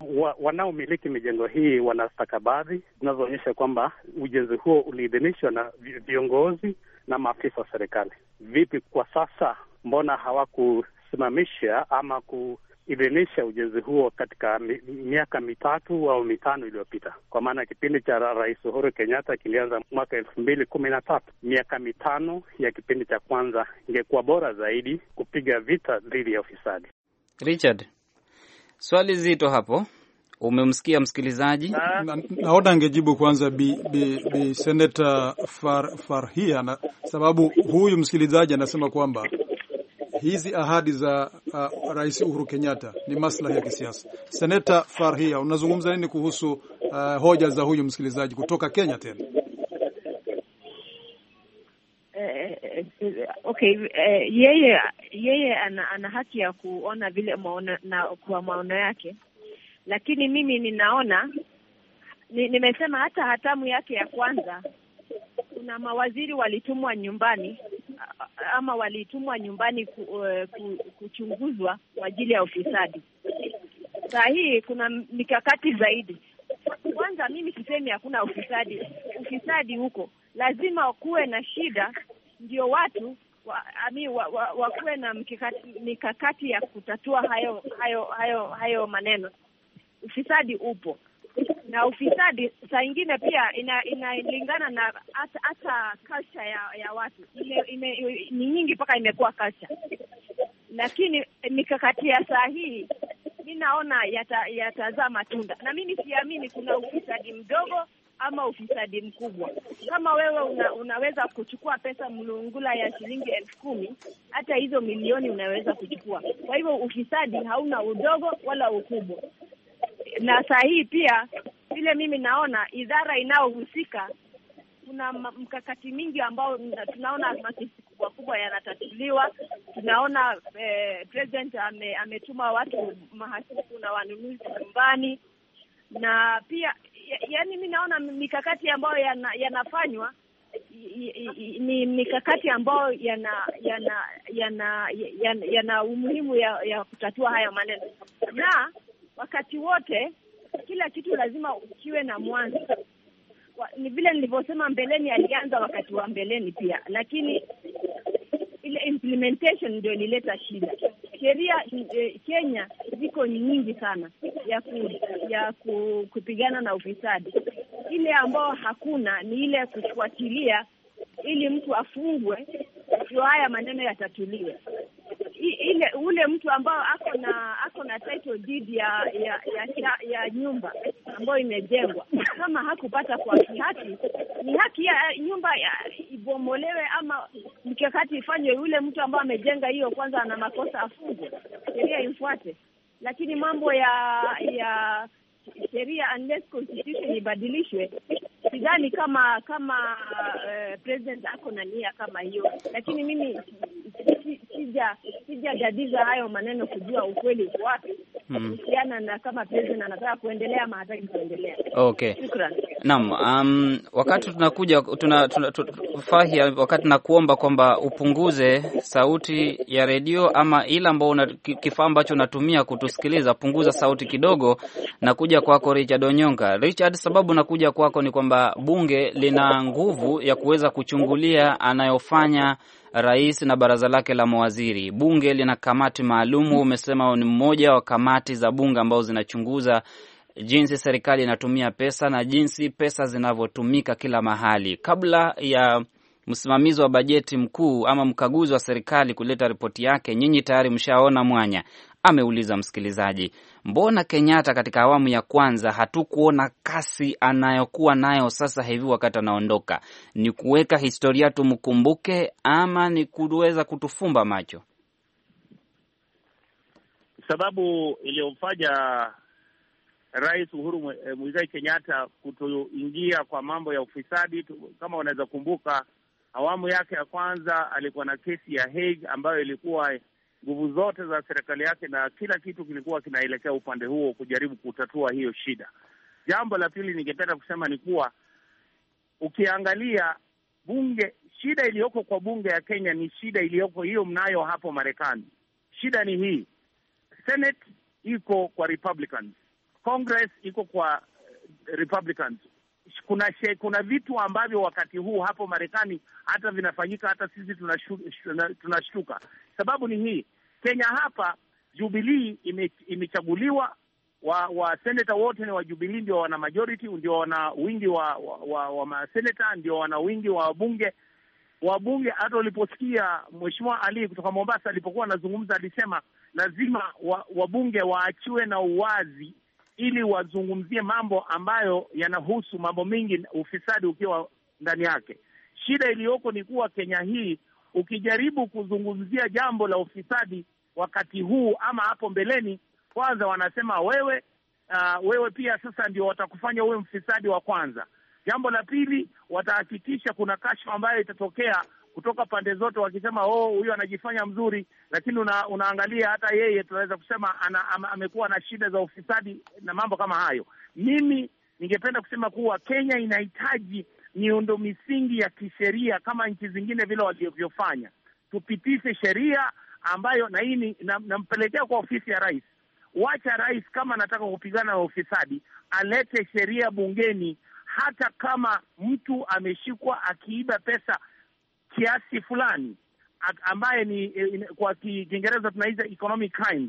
Speaker 3: wa, wanaomiliki mijengo hii wana stakabadhi zinazoonyesha kwamba ujenzi huo uliidhinishwa na viongozi na maafisa wa serikali. Vipi kwa sasa, mbona hawakusimamisha ama ku ilinisha ujenzi huo katika miaka mitatu au mitano iliyopita, kwa maana kipindi cha Rais Uhuru Kenyatta kilianza mwaka elfu mbili kumi na tatu. Miaka mitano ya kipindi cha kwanza ingekuwa bora zaidi kupiga vita dhidi ya ufisadi.
Speaker 2: Richard, swali zito hapo. Umemsikia msikilizaji,
Speaker 1: naona angejibu kwanza bi, bi, bi Far, Farhia na sababu huyu msikilizaji anasema kwamba hizi ahadi za uh, Rais Uhuru Kenyatta ni maslahi ya kisiasa. Seneta Farhia, unazungumza nini kuhusu uh, hoja za huyu msikilizaji kutoka Kenya tena?
Speaker 4: Eh,
Speaker 5: eh, eh, okay, yeye yeye ana, ana haki ya kuona vile maona, na kwa maono yake, lakini mimi ninaona nimesema hata hatamu yake ya kwanza kuna mawaziri walitumwa nyumbani ama walitumwa nyumbani ku, eh, ku, kuchunguzwa kwa ajili ya ufisadi. Saa hii kuna mikakati zaidi. Kwanza mimi sisemi hakuna ufisadi, ufisadi huko lazima kuwe na shida, ndio watu wakuwe wa, wa, wakuwe na mikakati ya kutatua hayo hayo hayo hayo maneno. Ufisadi upo na ufisadi saa ingine pia inalingana ina na hata kasha ya ya watu ine, ine, ni nyingi mpaka imekuwa kasha, lakini mikakati ya saa hii mi naona yatazaa yata matunda, na mimi siamini kuna ufisadi mdogo ama ufisadi mkubwa. Kama wewe una, unaweza kuchukua pesa mlungula ya shilingi elfu kumi, hata hizo milioni unaweza kuchukua. Kwa hivyo ufisadi hauna udogo wala ukubwa na saa hii pia vile mimi naona idara inayohusika kuna mkakati mingi ambao tunaona makesi kubwa kubwa yanatatuliwa. Tunaona eh, president ame, ametuma watu mahasibu na wanunuzi nyumbani, na pia yaani mi naona mikakati ambayo yanafanywa ni mikakati ambayo yana yana yana yana, yana umuhimu ya, ya kutatua haya maneno, na wakati wote kila kitu lazima ukiwe na mwanzo. Ni vile nilivyosema mbeleni, alianza wakati wa mbeleni pia, lakini ile implementation ndio ilileta shida. Sheria eh, Kenya ziko nyingi sana ya ku, ya ku, kupigana na ufisadi. Ile ambayo hakuna ni ile kufuatilia ili mtu afungwe ndio haya maneno yatatuliwe ile ule mtu ambao ako na ako na title deed ya ya ya, ya nyumba ambayo imejengwa, kama hakupata kwa haki, ni haki ya nyumba ya, ibomolewe ama mikakati ifanywe. Yule mtu ambao amejenga hiyo, kwanza ana makosa, afungwe, sheria imfuate. Lakini mambo ya ya sheria unless constitution ibadilishwe, sidhani kama kama uh, president ako na nia kama hiyo, lakini mimi sijajadiza hayo maneno kujua ukweli uko wapi hmm. kuhusiana na kama president anataka kuendelea ama hataki kuendelea. Okay, shukran.
Speaker 2: Naam, um, wakati tunakuja tuna, tuna, tuna, wakati nakuomba kwamba upunguze sauti ya redio ama ile ambao kifaa ambacho unatumia kutusikiliza, punguza sauti kidogo. Nakuja kwako Richard Onyonga. Richard, sababu nakuja kwako ni kwamba bunge lina nguvu ya kuweza kuchungulia anayofanya rais na baraza lake la mawaziri. Bunge lina kamati maalum, umesema ni mmoja wa kamati za bunge ambazo zinachunguza jinsi serikali inatumia pesa na jinsi pesa zinavyotumika kila mahali. Kabla ya msimamizi wa bajeti mkuu ama mkaguzi wa serikali kuleta ripoti yake, nyinyi tayari mshaona mwanya, ameuliza msikilizaji. Mbona Kenyatta katika awamu ya kwanza hatukuona kasi anayokuwa nayo sasa hivi wakati anaondoka? Ni kuweka historia tumkumbuke, ama ni kuweza kutufumba macho?
Speaker 4: Sababu iliyomfanya Rais Uhuru eh, Muigai Kenyatta kutoingia kwa mambo ya ufisadi, kama wanaweza kumbuka, awamu yake ya kwanza alikuwa na kesi ya Hague ambayo ilikuwa nguvu zote za serikali yake na kila kitu kilikuwa kinaelekea upande huo kujaribu kutatua hiyo shida. Jambo la pili ningependa kusema ni kuwa ukiangalia bunge, shida iliyoko kwa bunge ya Kenya ni shida iliyoko hiyo mnayo hapo Marekani. Shida ni hii, Senate iko kwa Republicans, Congress iko kwa eh, Republicans, kuna she, kuna vitu ambavyo wakati huu hapo Marekani hata vinafanyika hata sisi tunashtuka. Sababu ni hii, Kenya hapa jubilii ime, imechaguliwa wa, wa seneta wote ni wa jubilii ndio wana majority, ndio wana wingi wa wa, wa, wa maseneta, ndio wana wingi wa wabunge wabunge. Hata uliposikia Mheshimiwa Ali kutoka Mombasa alipokuwa anazungumza, alisema lazima wabunge waachiwe na uwazi ili wazungumzie mambo ambayo yanahusu mambo mengi, ufisadi ukiwa ndani yake. Shida iliyoko ni kuwa Kenya hii ukijaribu kuzungumzia jambo la ufisadi wakati huu ama hapo mbeleni, kwanza wanasema wewe, uh, wewe pia sasa ndio watakufanya uwe mfisadi wa kwanza. Jambo la pili, watahakikisha kuna kashfa ambayo itatokea kutoka pande zote wakisema oh, huyu anajifanya mzuri, lakini una, unaangalia hata yeye tunaweza kusema ana, am, amekuwa na shida za ufisadi na mambo kama hayo. Mimi ningependa kusema kuwa Kenya inahitaji miundo misingi ya kisheria kama nchi zingine vile walivyofanya. Tupitishe sheria ambayo na hii nampelekea na kwa ofisi ya rais. Wacha rais kama anataka kupigana na ufisadi alete sheria bungeni hata kama mtu ameshikwa akiiba pesa kiasi fulani ambaye ni eh, in, kwa Kiingereza tunaita economic crime,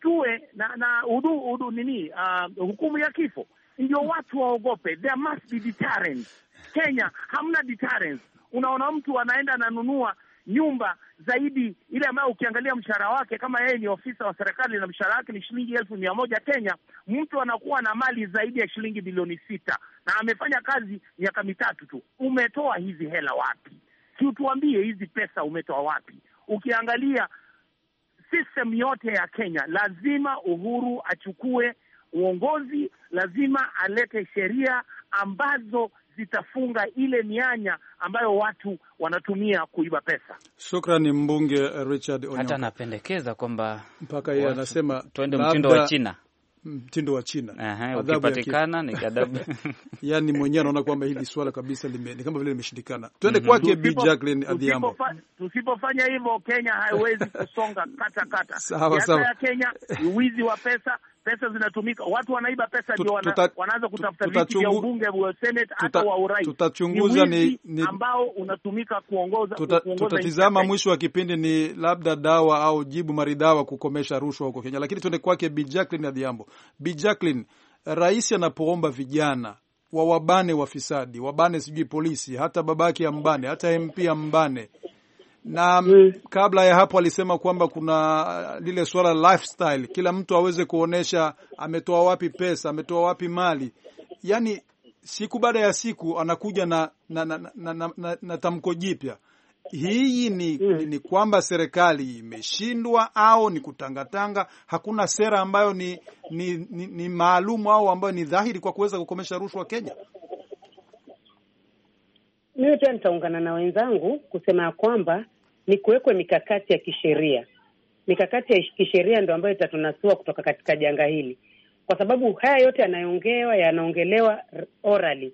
Speaker 4: tuwe na na udu, udu nini uh, hukumu ya kifo ndio watu waogope. There must be deterrence. Kenya hamna deterrence. Unaona, mtu anaenda ananunua nyumba zaidi ile ambayo ukiangalia mshahara wake, kama yeye ni ofisa wa serikali na mshahara wake ni shilingi elfu mia moja Kenya, mtu anakuwa na mali zaidi ya shilingi bilioni sita na amefanya kazi miaka mitatu tu. Umetoa hizi hela wapi? tuambie hizi pesa umetoa wapi? Ukiangalia system yote ya Kenya, lazima Uhuru achukue uongozi, lazima alete sheria ambazo zitafunga ile mianya ambayo watu wanatumia kuiba pesa.
Speaker 1: Shukrani mbunge Richard Onyango. Hata anapendekeza kwamba mpaka yeye anasema tuende mtindo wa China mtindo wa China. Aha, ukipatikana ni adabu. Yaani mwenyewe anaona kwamba hili swala kabisa lime, ni kama vile limeshindikana. Twende mm -hmm. kwake Bi Jacqueline Adhiambo.
Speaker 4: Tusipofanya hivyo Kenya haiwezi kusonga kata kata. Sawa sawa. Ya Kenya wizi wa pesa pesa zinatumika, watu wanaiba pesa, ndio wana, wanaanza kutafuta viti vya ubunge vya senate hata wa urais. Tutachunguza ni, ni ambao unatumika kuongoza tuta, kuongoza. Tutatizama
Speaker 1: mwisho wa kipindi ni labda dawa au jibu maridhawa kukomesha rushwa huko Kenya, lakini tuende kwake Bi Jacqueline Adhiambo. Bi Jacqueline, rais anapoomba vijana wawabane wafisadi, wabane sijui polisi, hata babake ambane, hata MP ambane na mm. Kabla ya hapo alisema kwamba kuna uh, lile suala lifestyle, kila mtu aweze kuonesha ametoa wapi pesa, ametoa wapi mali, yani siku baada ya siku anakuja na na, na, na, na, na, na, na tamko jipya. Hii ni, mm. ni, ni kwamba serikali imeshindwa au ni kutangatanga? Hakuna sera ambayo ni ni, ni, ni maalumu au ambayo ni dhahiri kwa kuweza kukomesha rushwa Kenya
Speaker 6: mimi pia nitaungana na wenzangu kusema ya kwamba ni kuwekwe mikakati ya kisheria. Mikakati ya kisheria ndo ambayo itatunasua kutoka katika janga hili, kwa sababu haya yote yanayoongewa yanaongelewa orally.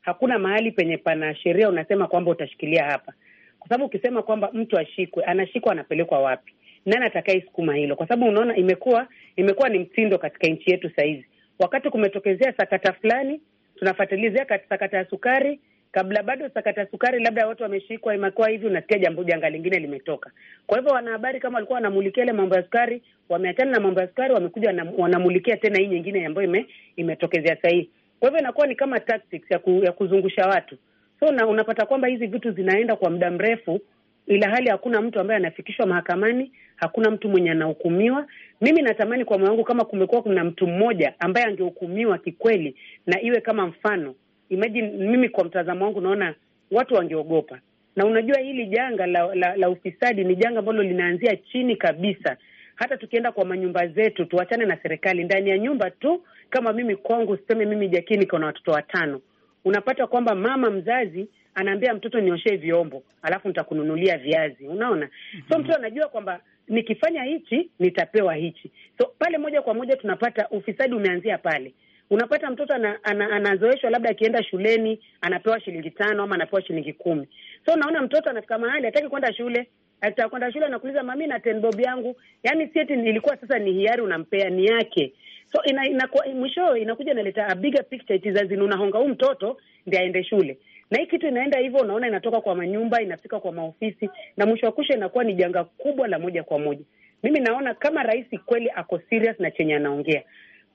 Speaker 6: Hakuna mahali penye pana sheria unasema kwamba utashikilia hapa, kwa sababu ukisema kwamba mtu ashikwe, anashikwa, anapelekwa wapi? Nani atakaye sukuma hilo? Kwa sababu unaona, imekuwa imekuwa ni mtindo katika nchi yetu sahizi wakati kumetokezea sakata fulani tunafatilizia sakata ya sukari kabla bado sakata sukari, labda watu wameshikwa, imekuwa hivi, unasikia jambo janga lingine limetoka. Kwa hivyo wanahabari kama walikuwa wanamulikia ile mambo ya sukari, wameachana na mambo ya sukari, wamekuja wanamulikia tena hii nyingine ambayo ime, imetokezea sahii. Kwa hivyo inakuwa ni kama tactics ya, ku, ya kuzungusha watu, so na, unapata kwamba hizi vitu zinaenda kwa muda mrefu ila hali hakuna mtu ambaye anafikishwa mahakamani, hakuna mtu mwenye anahukumiwa. Mimi natamani kwa moyo wangu kama kumekuwa kuna mtu mmoja ambaye angehukumiwa kikweli, na iwe kama mfano imagine, mimi kwa mtazamo wangu naona watu wangeogopa. Na unajua hili janga la, la, la ufisadi ni janga ambalo linaanzia chini kabisa. Hata tukienda kwa manyumba zetu, tuachane na serikali, ndani ya nyumba tu. Kama mimi kwangu, siseme mimi jakini niko watoto watano, unapata kwamba mama mzazi anaambia mtoto nioshee vyombo, alafu nitakununulia viazi. Unaona, mm -hmm. So mtoto anajua kwamba nikifanya hichi nitapewa hichi, so pale moja kwa moja tunapata ufisadi umeanzia pale. Unapata mtoto ana, ana, anazoeshwa labda akienda shuleni anapewa shilingi tano ama anapewa shilingi kumi. So unaona mtoto anafika mahali hataki kwenda shule, akitaka kwenda shule anakuuliza mami na ten bob yangu, yani sieti ilikuwa sasa ni hiari unampea ni yake. So ina, inakuwa mwisho inakuja inaleta a bigger picture it is as in unahonga huu mtoto ndi aende shule na hii kitu inaenda hivyo, unaona inatoka kwa manyumba inafika kwa maofisi, na mwisho wa kusha inakuwa ni janga kubwa la moja kwa moja. Mimi naona kama rais kweli ako serious na chenye anaongea,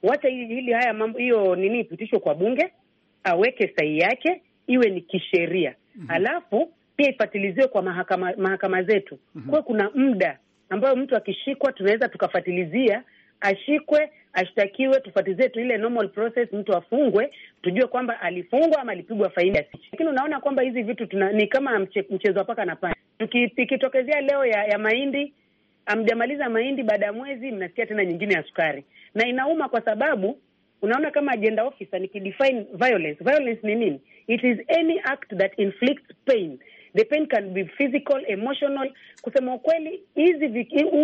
Speaker 6: wacha hili haya mambo hiyo nini ipitishwe kwa bunge, aweke sahihi yake, iwe ni kisheria mm -hmm. Alafu pia ifatiliziwe kwa mahakama, mahakama zetu mm -hmm. Kwa kuna muda ambayo mtu akishikwa tunaweza tukafatilizia, ashikwe ashtakiwe, tufatizie tu ile normal process, mtu afungwe, tujue kwamba alifungwa ama alipigwa faini. Lakini unaona kwamba hizi vitu tuna, ni kama mche, mchezo wa paka na panya. Tukitokezea leo ya, ya mahindi amjamaliza mahindi, baada ya mwezi mnasikia tena nyingine ya sukari, na inauma kwa sababu unaona kama agenda officer nikidefine violence. Violence ni nini? It is any act that inflicts pain. The pain can be physical, emotional. Kusema ukweli, hizi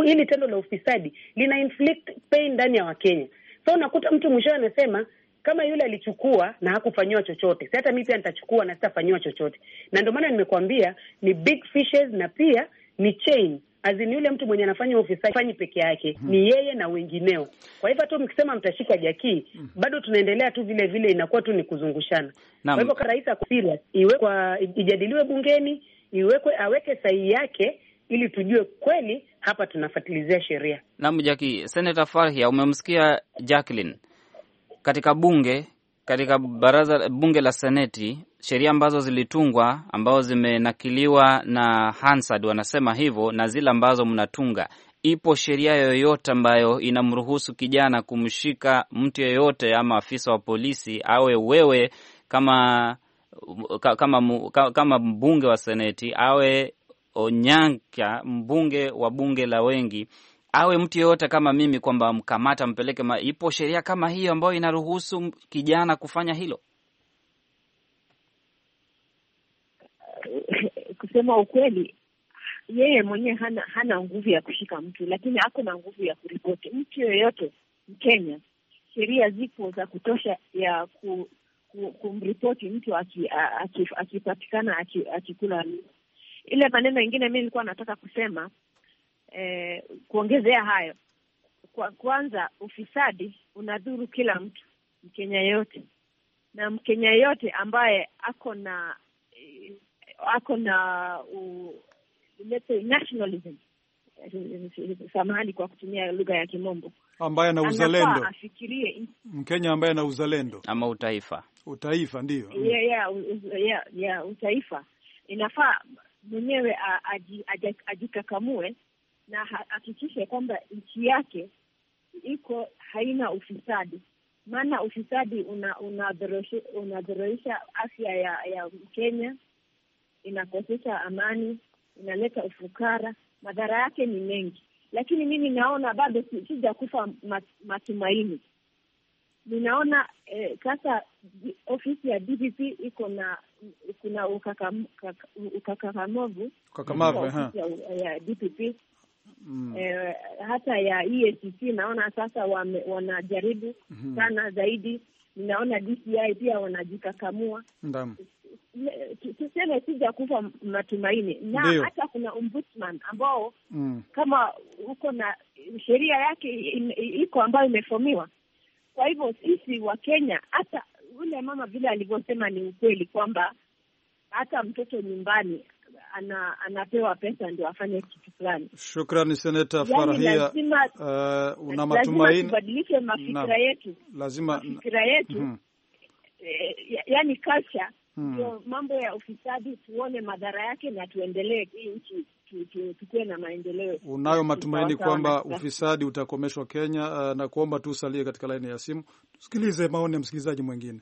Speaker 6: hili tendo la ufisadi lina inflict pain ndani ya Wakenya, so unakuta mtu mwishowe anasema kama yule alichukua na hakufanyiwa chochote, si hata mi pia nitachukua na sitafanyiwa chochote. Na ndio maana nimekuambia ni big fishes na pia ni chain azini yule mtu mwenye anafanya ufisadi fanyi peke yake mm -hmm. Ni yeye na wengineo. Kwa hivyo hata mkisema mtashika jakii mm -hmm. bado tunaendelea tu vile vile, inakuwa tu ni kuzungushana. Kwa hivyo rais ako serious, ijadiliwe bungeni, iwekwe aweke sahihi yake ili tujue kweli hapa tunafatilizia sheria.
Speaker 2: Naam, Jackie. Senator Farhia, umemsikia Jacqueline katika bunge katika baraza bunge la Seneti sheria ambazo zilitungwa ambazo zimenakiliwa na Hansard wanasema hivyo, na zile ambazo mnatunga, ipo sheria yoyote ambayo inamruhusu kijana kumshika mtu yeyote ama afisa wa polisi, awe wewe kama kama kama mbunge wa Seneti, awe Onyanka mbunge wa bunge la wengi awe mtu yeyote kama mimi kwamba mkamata mpeleke ma... ipo sheria kama hiyo ambayo inaruhusu kijana kufanya hilo?
Speaker 5: Eh, kusema ukweli, yeye mwenyewe hana hana nguvu ya kushika mtu, lakini ako na nguvu ya kuripoti mtu yoyote. Mkenya, sheria zipo za kutosha ya ku, ku, kumripoti mtu akipatikana aki, aki, aki akikula. Ile maneno ingine mi nilikuwa nataka kusema eh, kuongezea hayo kwa, kwanza ufisadi unadhuru kila mtu, Mkenya yote na Mkenya yote ambaye ako na eh, ako na uh, nationalism samahani kwa kutumia lugha ya Kimombo,
Speaker 1: ambaye ana uzalendo,
Speaker 5: afikirie
Speaker 1: Mkenya ambaye ana uzalendo ama utaifa, utaifa ndiyo, yeah,
Speaker 5: yeah, yeah, yeah, utaifa inafaa mwenyewe ajikakamue na hakikishe kwamba nchi yake iko haina ufisadi, maana ufisadi unadhoroisha una afya ya ya Mkenya, inakosesha amani, inaleta ufukara. Madhara yake ni mengi, lakini mimi naona bado sijakufa matumaini. Ninaona eh, sasa eh, ofisi ya DPP iko na kuna ukakamavu ukakamavu ya DPP
Speaker 8: mm. eh,
Speaker 5: hata ya EACC naona sasa wame, wanajaribu mm -hmm. sana zaidi. Ninaona DCI pia wanajikakamua tuseme sija kufa matumaini na Deo. Hata kuna ombudsman ambao mm. kama huko na sheria yake iko ambayo imefomiwa. Kwa hivyo sisi wa Kenya, hata yule mama vile alivyosema ni ukweli kwamba hata mtoto nyumbani ana, anapewa pesa ndio afanye kitu fulani.
Speaker 1: Shukrani Seneta yaani Farahia. Lazima uh, una matumaini tubadilishe
Speaker 5: mafikira yetu,
Speaker 1: lazima mafikira yetu mm
Speaker 5: -hmm. e, yani culture mm -hmm. so, mambo ya ufisadi tuone madhara yake na tuendelee hii nchi
Speaker 9: tukuwe na maendeleo. Unayo matumaini kwamba ufisadi
Speaker 1: utakomeshwa Kenya? Uh, na kuomba tu usalie katika laini ya simu tusikilize maoni ya msikilizaji mwingine.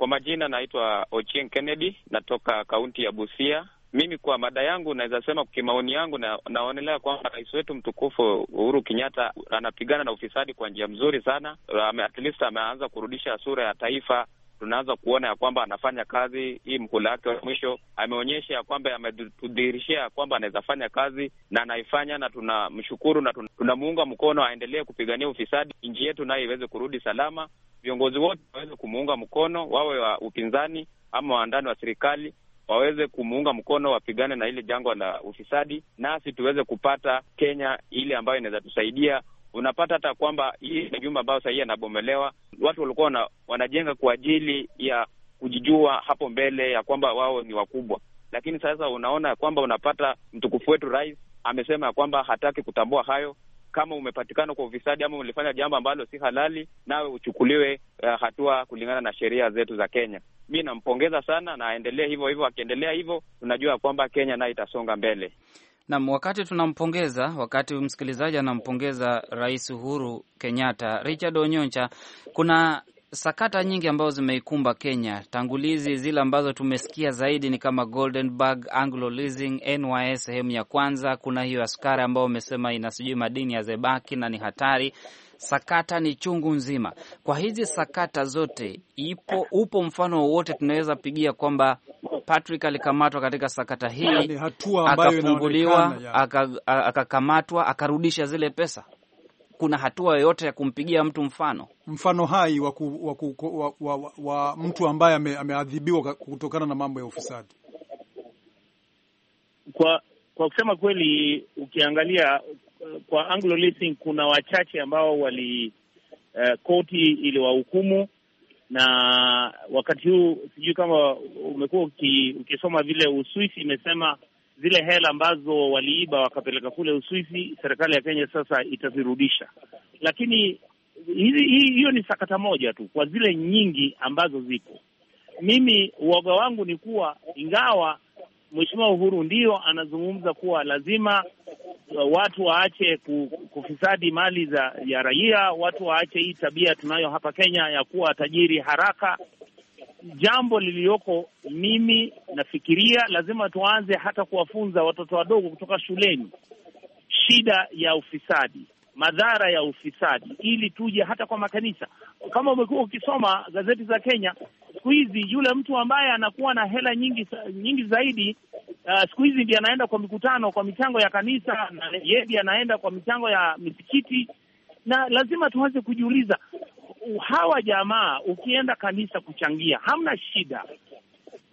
Speaker 10: Kwa majina naitwa Ochieng Kennedy, natoka kaunti ya Busia. Mimi kwa mada yangu naweza sema kimaoni yangu na, naonelea kwamba rais wetu mtukufu Uhuru Kenyatta anapigana na ufisadi kwa njia mzuri sana. At least ameanza kurudisha sura ya taifa tunaanza kuona ya kwamba anafanya kazi. Hii mhula wake wa mwisho ameonyesha ya kwamba ametudhihirishia ya kwamba anaweza fanya kazi na anaifanya, na tunamshukuru na tunamuunga mkono aendelee kupigania ufisadi, nchi yetu nayo iweze kurudi salama. Viongozi wote waweze kumuunga mkono, wawe wa upinzani ama waandani wa serikali waweze kumuunga mkono, wapigane na ile jangwa la ufisadi, nasi tuweze kupata Kenya ile ambayo inaweza tusaidia unapata hata kwamba hii majumba ambayo sahii yanabomolewa, watu walikuwa wanajenga kwa ajili ya kujijua hapo mbele ya kwamba wao ni wakubwa, lakini sasa unaona kwamba unapata mtukufu wetu rais amesema ya kwamba hataki kutambua hayo. Kama umepatikana kwa ufisadi ama ulifanya jambo ambalo si halali, nawe uchukuliwe uh, hatua kulingana na sheria zetu za Kenya. Mi nampongeza sana na aendelee hivyo hivyo. Akiendelea hivyo, tunajua kwamba Kenya nayo itasonga
Speaker 2: mbele. Nam, wakati tunampongeza, wakati msikilizaji anampongeza Rais Uhuru Kenyatta, Richard Onyoncha, kuna sakata nyingi ambazo zimeikumba Kenya. Tangulizi zile ambazo tumesikia zaidi ni kama Goldenberg, Anglo Leasing, NYS sehemu ya kwanza. Kuna hiyo askari ambao umesema ina sijui madini ya zebaki na ni hatari Sakata ni chungu nzima. Kwa hizi sakata zote, ipo upo mfano wowote tunaweza pigia kwamba Patrick alikamatwa katika sakata hii,
Speaker 1: akafunguliwa,
Speaker 2: akakamatwa, akarudisha zile pesa? Kuna hatua yoyote ya kumpigia mtu mfano
Speaker 1: mfano hai wa, ku, wa, ku, wa, wa, wa, wa mtu ambaye ame, ameadhibiwa kutokana na mambo ya ufisadi? Kwa
Speaker 4: kwa kusema kweli, ukiangalia kwa Anglo Leasing kuna wachache ambao wali uh, koti iliwahukumu, na wakati huu sijui kama umekuwa uki, ukisoma vile Uswisi imesema zile hela ambazo waliiba wakapeleka kule Uswisi, serikali ya Kenya sasa itazirudisha. Lakini hiyo ni sakata moja tu kwa zile nyingi ambazo ziko. Mimi uoga wangu ni kuwa ingawa Mheshimiwa Uhuru ndio anazungumza kuwa lazima uh, watu waache kufisadi mali za ya raia, watu waache hii tabia tunayo hapa Kenya ya kuwa tajiri haraka. Jambo liliyoko, mimi nafikiria lazima tuanze hata kuwafunza watoto wadogo kutoka shuleni shida ya ufisadi, madhara ya ufisadi, ili tuje hata kwa makanisa. Kama umekuwa ukisoma gazeti za Kenya, siku hizi yule mtu ambaye anakuwa na hela nyingi nyingi zaidi uh, siku hizi ndiye anaenda kwa mikutano, kwa michango ya kanisa, na yeye ndiye anaenda kwa michango ya misikiti. Na lazima tuanze kujiuliza, hawa jamaa, ukienda kanisa kuchangia, hamna shida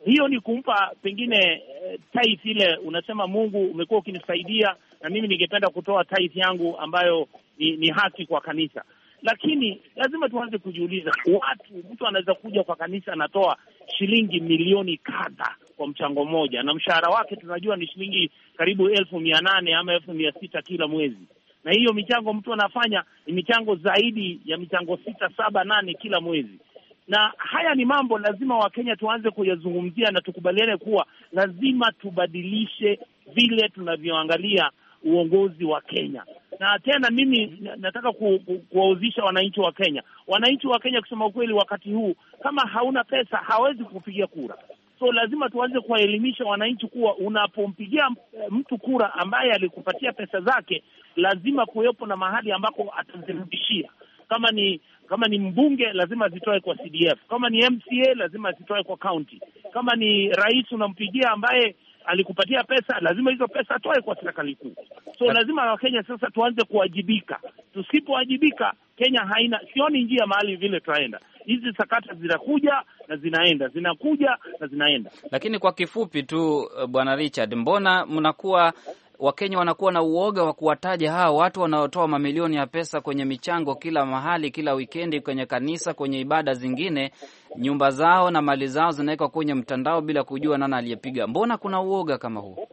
Speaker 4: hiyo ni kumpa pengine eh, tithe ile, unasema Mungu, umekuwa ukinisaidia na mimi ningependa kutoa tithe yangu ambayo ni, ni haki kwa kanisa. Lakini lazima tuanze kujiuliza, watu, mtu anaweza kuja kwa kanisa anatoa shilingi milioni kadha kwa mchango mmoja, na mshahara wake tunajua ni shilingi karibu elfu mia nane ama elfu mia sita kila mwezi, na hiyo michango mtu anafanya ni michango zaidi ya michango sita saba nane kila mwezi na haya ni mambo lazima Wakenya tuanze kuyazungumzia na tukubaliane kuwa lazima tubadilishe vile tunavyoangalia uongozi wa Kenya. Na tena mimi nataka ku, ku, kuwauzisha wananchi wa Kenya. Wananchi wa Kenya, kusema ukweli, wakati huu kama hauna pesa hawezi kupiga kura. So lazima tuanze kuwaelimisha wananchi kuwa unapompigia mtu kura ambaye alikupatia pesa zake, lazima kuwepo na mahali ambako atazirudishia. Kama ni kama ni mbunge lazima zitoe kwa CDF, kama ni MCA lazima zitoe kwa county, kama ni rais unampigia ambaye alikupatia pesa, lazima hizo pesa atoe kwa serikali kuu. So lazima Wakenya sasa tuanze kuwajibika. Tusipowajibika, Kenya haina, sioni njia mahali vile tunaenda Hizi sakata zinakuja na zinaenda,
Speaker 2: zinakuja na zinaenda. Lakini kwa kifupi tu, eh, bwana Richard, mbona mnakuwa Wakenya wanakuwa na uoga wa kuwataja hawa watu wanaotoa mamilioni ya pesa kwenye michango kila mahali, kila wikendi, kwenye kanisa, kwenye ibada zingine. Nyumba zao na mali zao zinawekwa kwenye mtandao bila kujua nani aliyepiga. Mbona kuna uoga kama huu?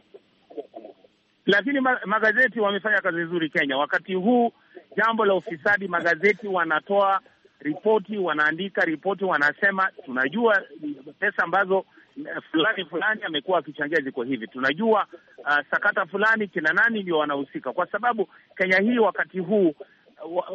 Speaker 2: Lakini
Speaker 4: magazeti wamefanya kazi nzuri Kenya. Wakati huu jambo la ufisadi, magazeti wanatoa ripoti, wanaandika ripoti, wanasema tunajua pesa ambazo eh, fulani fulani amekuwa akichangia ziko hivi, tunajua uh, sakata fulani, kina nani ndio wanahusika, kwa sababu Kenya hii wakati huu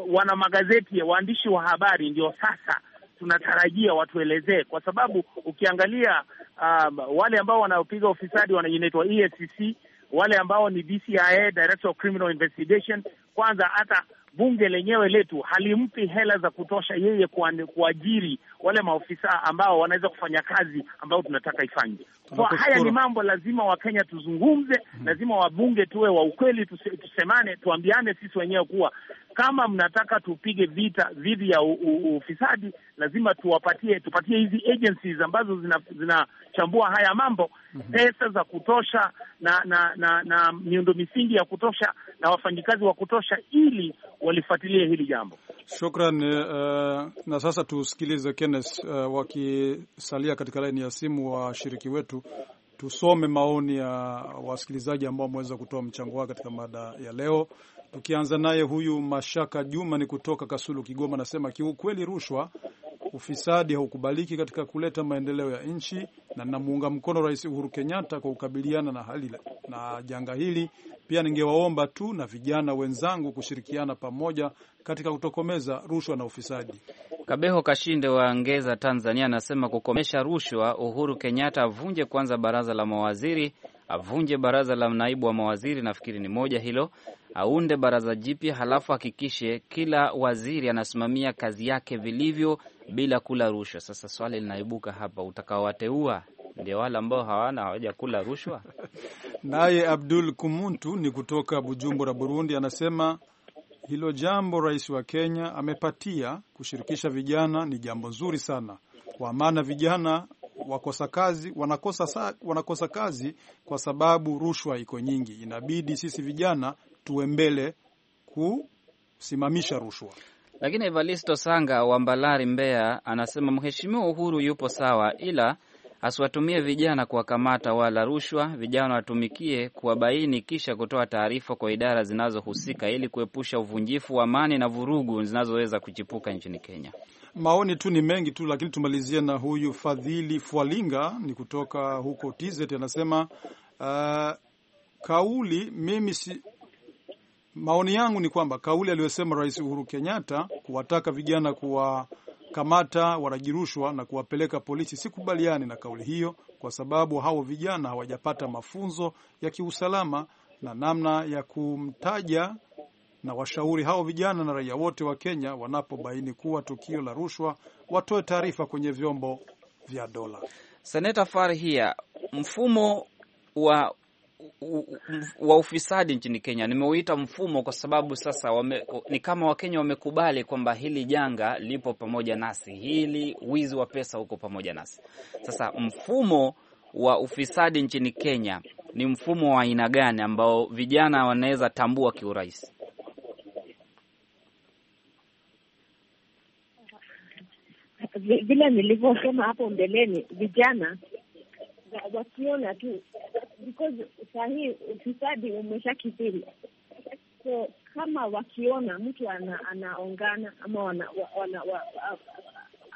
Speaker 4: wana magazeti ya waandishi wa habari ndio sasa tunatarajia watuelezee, kwa sababu ukiangalia um, wale ambao wanaopiga ufisadi wanaitwa EACC, wale ambao ni DCIA, Director of Criminal Investigation. Kwanza hata bunge lenyewe letu halimpi hela za kutosha yeye kuajiri wale maofisa ambao wanaweza kufanya kazi ambayo tunataka ifanye. Kwa haya ni mambo lazima Wakenya tuzungumze, mhm. lazima wabunge tuwe wa ukweli, tuse, tusemane, tuambiane sisi wenyewe kuwa kama mnataka tupige vita dhidi ya ufisadi, lazima tuwapatie tupatie hizi agencies ambazo zinachambua zina haya mambo mm -hmm. pesa za kutosha na na na, na miundo misingi ya kutosha na wafanyikazi wa kutosha ili walifuatilie hili jambo.
Speaker 1: Shukran. Uh, na sasa tusikilize Kenneth, uh, wakisalia katika laini ya simu washiriki wetu tusome maoni ya wasikilizaji ambao wameweza kutoa mchango wao katika mada ya leo. Tukianza naye huyu Mashaka Juma ni kutoka Kasulu, Kigoma, anasema kiukweli, rushwa, ufisadi haukubaliki katika kuleta maendeleo ya nchi, na ninamuunga mkono Rais Uhuru Kenyatta kwa kukabiliana na hali na janga hili. Pia ningewaomba tu na vijana wenzangu kushirikiana pamoja katika kutokomeza rushwa na ufisadi.
Speaker 2: Kabeho Kashinde wa Ngeza, Tanzania, anasema kukomesha rushwa, Uhuru Kenyatta avunje kwanza baraza la mawaziri avunje baraza la naibu wa mawaziri. Nafikiri ni moja hilo aunde baraza jipya, halafu hakikishe kila waziri anasimamia kazi yake vilivyo bila kula rushwa. Sasa swali linaibuka hapa, utakaowateua ndio wale ambao hawana hawaja kula
Speaker 1: rushwa? Naye Abdul Kumuntu ni kutoka Bujumbura, Burundi, anasema hilo jambo rais wa Kenya amepatia kushirikisha vijana ni jambo nzuri sana, kwa maana vijana wakosa kazi wanakosa, sa, wanakosa kazi kwa sababu rushwa iko nyingi. Inabidi sisi vijana tuwe mbele kusimamisha rushwa.
Speaker 2: Lakini Evaristo Sanga wa Mbalari, Mbeya, anasema Mheshimiwa Uhuru yupo sawa, ila asiwatumie vijana kuwakamata wala rushwa. Vijana watumikie kuwabaini, kisha kutoa taarifa kwa idara zinazohusika ili kuepusha uvunjifu wa amani na vurugu zinazoweza kuchipuka nchini Kenya.
Speaker 1: Maoni tu ni mengi tu, lakini tumalizie na huyu Fadhili Fwalinga, ni kutoka huko TZ, anasema uh, kauli mimi si, Maoni yangu ni kwamba kauli aliyosema Rais Uhuru Kenyatta kuwataka vijana kuwakamata waraji rushwa na kuwapeleka polisi, sikubaliani na kauli hiyo, kwa sababu hao vijana hawajapata mafunzo ya kiusalama na namna ya kumtaja na washauri hao vijana na raia wote wa Kenya wanapobaini kuwa tukio la rushwa watoe taarifa kwenye vyombo vya
Speaker 2: dola. Seneta
Speaker 1: Farhia, mfumo wa
Speaker 2: wa ufisadi nchini Kenya. Nimeuita mfumo kwa sababu sasa wame, ni kama Wakenya wamekubali kwamba hili janga lipo pamoja nasi, hili wizi wa pesa uko pamoja nasi. Sasa mfumo wa ufisadi nchini Kenya ni mfumo wa aina gani ambao vijana wanaweza tambua kiurahisi?
Speaker 5: Vile nilivyosema hapo mbeleni, vijana wakiona tu because sahii ufisadi umesha kithiri, so kama wakiona mtu ana, anaongana ama wana, wana,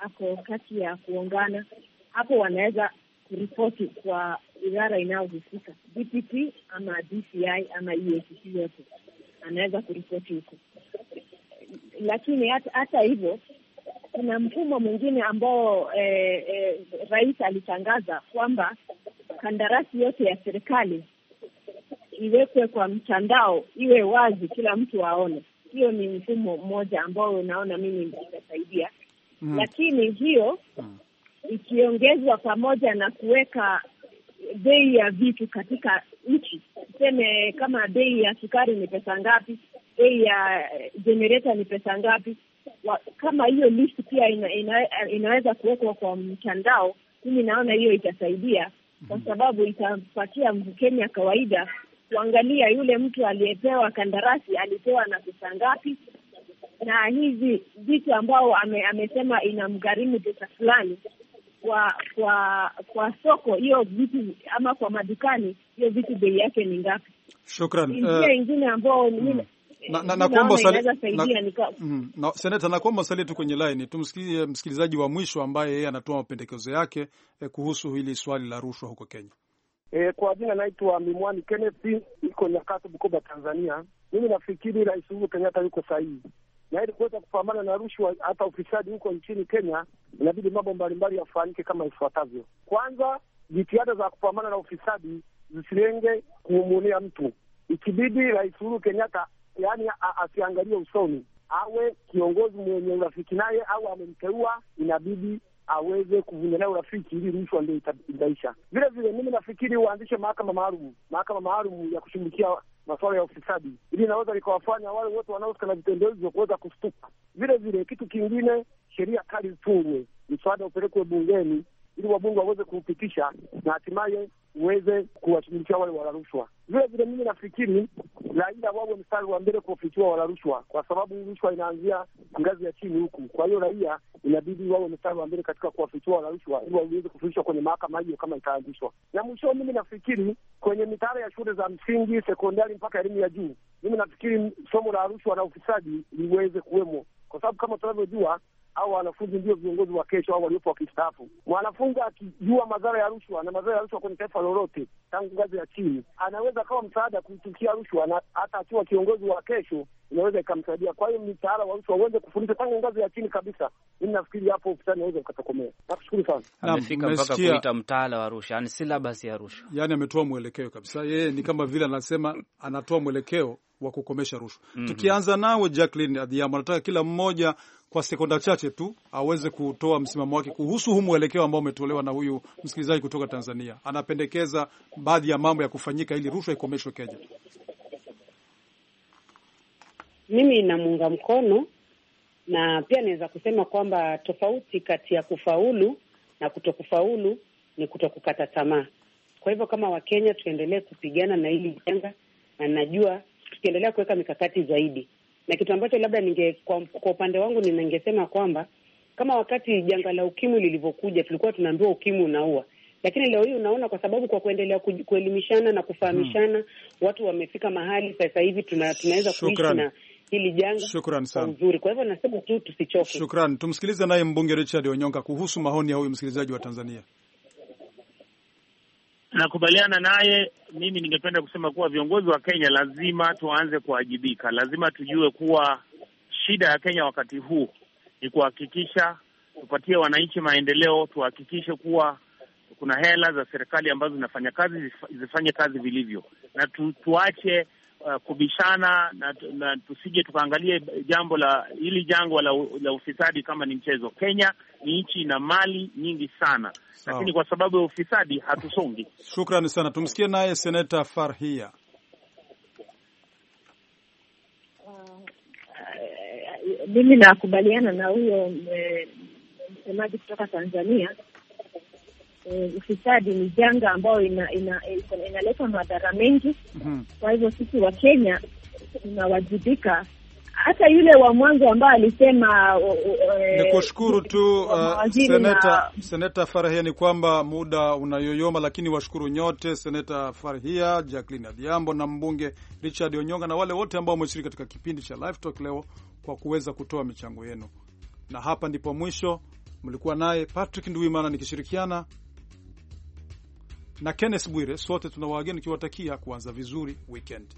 Speaker 5: ako kati ya kuongana hapo, wanaweza kuripoti kwa idara inayohusika DPP ama DCI ama EACC, yote anaweza kuripoti huko. Lakini hata, hata hivyo kuna mfumo mwingine ambao eh, eh, rais alitangaza kwamba makandarasi yote ya serikali iwekwe kwa mtandao, iwe wazi, kila mtu aone. Hiyo ni mfumo mmoja ambao unaona mimi itasaidia mm. Lakini hiyo mm. ikiongezwa pamoja na kuweka bei ya vitu katika nchi, tuseme kama bei ya sukari ni pesa ngapi, bei ya jenereta eh, ni pesa ngapi wa, kama hiyo list pia ina, ina, inaweza kuwekwa kwa mtandao, mimi naona hiyo itasaidia kwa sababu itampatia Mkenya kawaida kuangalia yule mtu aliyepewa kandarasi alipewa na pesa ngapi, na hizi vitu ambao ame, amesema inamgharimu pesa fulani kwa kwa kwa soko hiyo vitu ama kwa madukani hiyo vitu bei yake ni ngapi?
Speaker 1: Shukran. Njia uh,
Speaker 5: ingine ambao mm
Speaker 1: na, na, kuomba swali na, na, seneta kuomba tu kwenye line tumsikie eh, msikilizaji wa mwisho ambaye yeye anatoa mapendekezo yake eh, kuhusu hili swali la rushwa huko Kenya.
Speaker 9: E, kwa jina naitwa Mimwani Kenneth, iko Nyakato, Bukoba, Tanzania. Mimi nafikiri Rais Uhuru Kenyatta yuko sahihi, na ili kuweza kupambana na rushwa hata ufisadi huko nchini Kenya inabidi mambo mbalimbali yafanyike kama ifuatavyo. Kwanza, jitihada za kupambana na ufisadi zisilenge kuumunia mtu. Ikibidi Rais Uhuru Kenyatta yaani asiangalie usoni, awe kiongozi mwenye urafiki naye au amemteua, inabidi aweze kuvunja naye urafiki ili rushwa ndio itaisha. Vile vile mimi nafikiri uanzishe mahakama maalum, mahakama maalum ya kushughulikia masuala ya ufisadi, ili inaweza likawafanya wale wote wanaohusika na vitendo hivyo kuweza kustuka. Vile vile kitu kingine, sheria kali zitungwe, mswada upelekwe bungeni ili wabunge waweze kuupitisha na hatimaye uweze kuwashughulikia wale wala rushwa. Vile vile mimi nafikiri Raia wawe mstari wa mbele kuwafichua wala rushwa, kwa sababu rushwa inaanzia ngazi ya chini huku. Kwa hiyo raia inabidi wawe mstari wa mbele katika kuwafichua wala rushwa, ili waweze kufikishwa kwenye mahakama hiyo kama itaanzishwa. Na mwisho, mimi nafikiri kwenye mitaala ya shule za msingi, sekondari mpaka elimu ya juu, mimi nafikiri somo la rushwa na ufisadi liweze kuwemo kwa sababu kama tunavyojua au wanafunzi ndio viongozi wa kesho au waliopo wakistaafu. Mwanafunzi akijua madhara ya rushwa na madhara ya rushwa kwenye taifa lolote, tangu ngazi ya chini, anaweza kawa msaada kuitukia rushwa, na hata akiwa kiongozi wa kesho inaweza ikamsaidia. Kwa hiyo mtaala wa rushwa uweze kufundisha tangu ngazi ya chini kabisa. Mimi nafikiri hapo ufisadi unaweza ukatokomea. Nakushukuru sana. Amefika
Speaker 1: mpaka kuita mtaala wa rushwa, yani silabasi ya rushwa, yani ametoa mwelekeo kabisa. Yeye ni kama vile anasema, anatoa mwelekeo wa kukomesha rushwa. mm -hmm. Tukianza nawe Jacqueline Adhiambo, nataka kila mmoja kwa sekonda chache tu aweze kutoa msimamo wake kuhusu huu mwelekeo ambao umetolewa na huyu msikilizaji kutoka Tanzania. Anapendekeza baadhi ya mambo ya kufanyika ili rushwa ikomeshwe Kenya.
Speaker 6: Mimi namuunga mkono na pia naweza kusema kwamba tofauti kati ya kufaulu na kutokufaulu ni kutokukata tamaa. Kwa hivyo kama Wakenya tuendelee kupigana na hili janga, na najua tukiendelea kuweka mikakati zaidi, na kitu ambacho labda ninge kwa, kwa upande wangu ningesema kwamba kama wakati janga la ukimwi lilivyokuja tulikuwa tunaambiwa ukimwi unaua, lakini leo hii unaona, kwa sababu kwa kuendelea kuelimishana na kufahamishana hmm, watu wamefika mahali sasa hivi tuna, tunaweza kuishi na hili janga kwa uzuri. Kwa hivyo nasema
Speaker 1: tu tusichoke. Shukran. Tumsikilize naye mbunge Richard onyonga kuhusu maoni ya huyu msikilizaji wa Tanzania.
Speaker 4: Nakubaliana naye. Mimi ningependa kusema kuwa viongozi wa Kenya lazima tuanze kuwajibika. Lazima tujue kuwa shida ya Kenya wakati huu ni kuhakikisha tupatie wananchi maendeleo, tuhakikishe kuwa kuna hela za serikali ambazo zinafanya kazi zifanye kazi vilivyo, na tu, tuache uh, kubishana na, na tusije tukaangalie jambo la hili jangwa la, la ufisadi kama ni mchezo. Kenya ni nchi ina mali nyingi sana Lakini
Speaker 1: kwa sababu ya ufisadi hatusongi. Shukrani sana, tumsikie naye Seneta Farhia.
Speaker 5: Uh, uh, mimi nakubaliana na huyo eh, msemaji kutoka Tanzania Eh, ufisadi ni janga ambayo inaleta ina, ina, ina madhara mengi mm -hmm. Kwa hivyo sisi wa Kenya tunawajibika hata yule wa mwanzo ambaye alisema. Eh, ni kushukuru
Speaker 1: tu uh, seneta na... Seneta Farahia, ni kwamba muda unayoyoma, lakini washukuru nyote, Seneta Farahia, Jacqueline Adhiambo na mbunge Richard Onyonga na wale wote ambao wameshiriki katika kipindi cha Live Talk leo kwa kuweza kutoa michango yenu, na hapa ndipo mwisho. Mlikuwa naye Patrick nduimana nikishirikiana na Kenneth Bwire, sote tuna waageni kiwatakia kuanza vizuri weekend.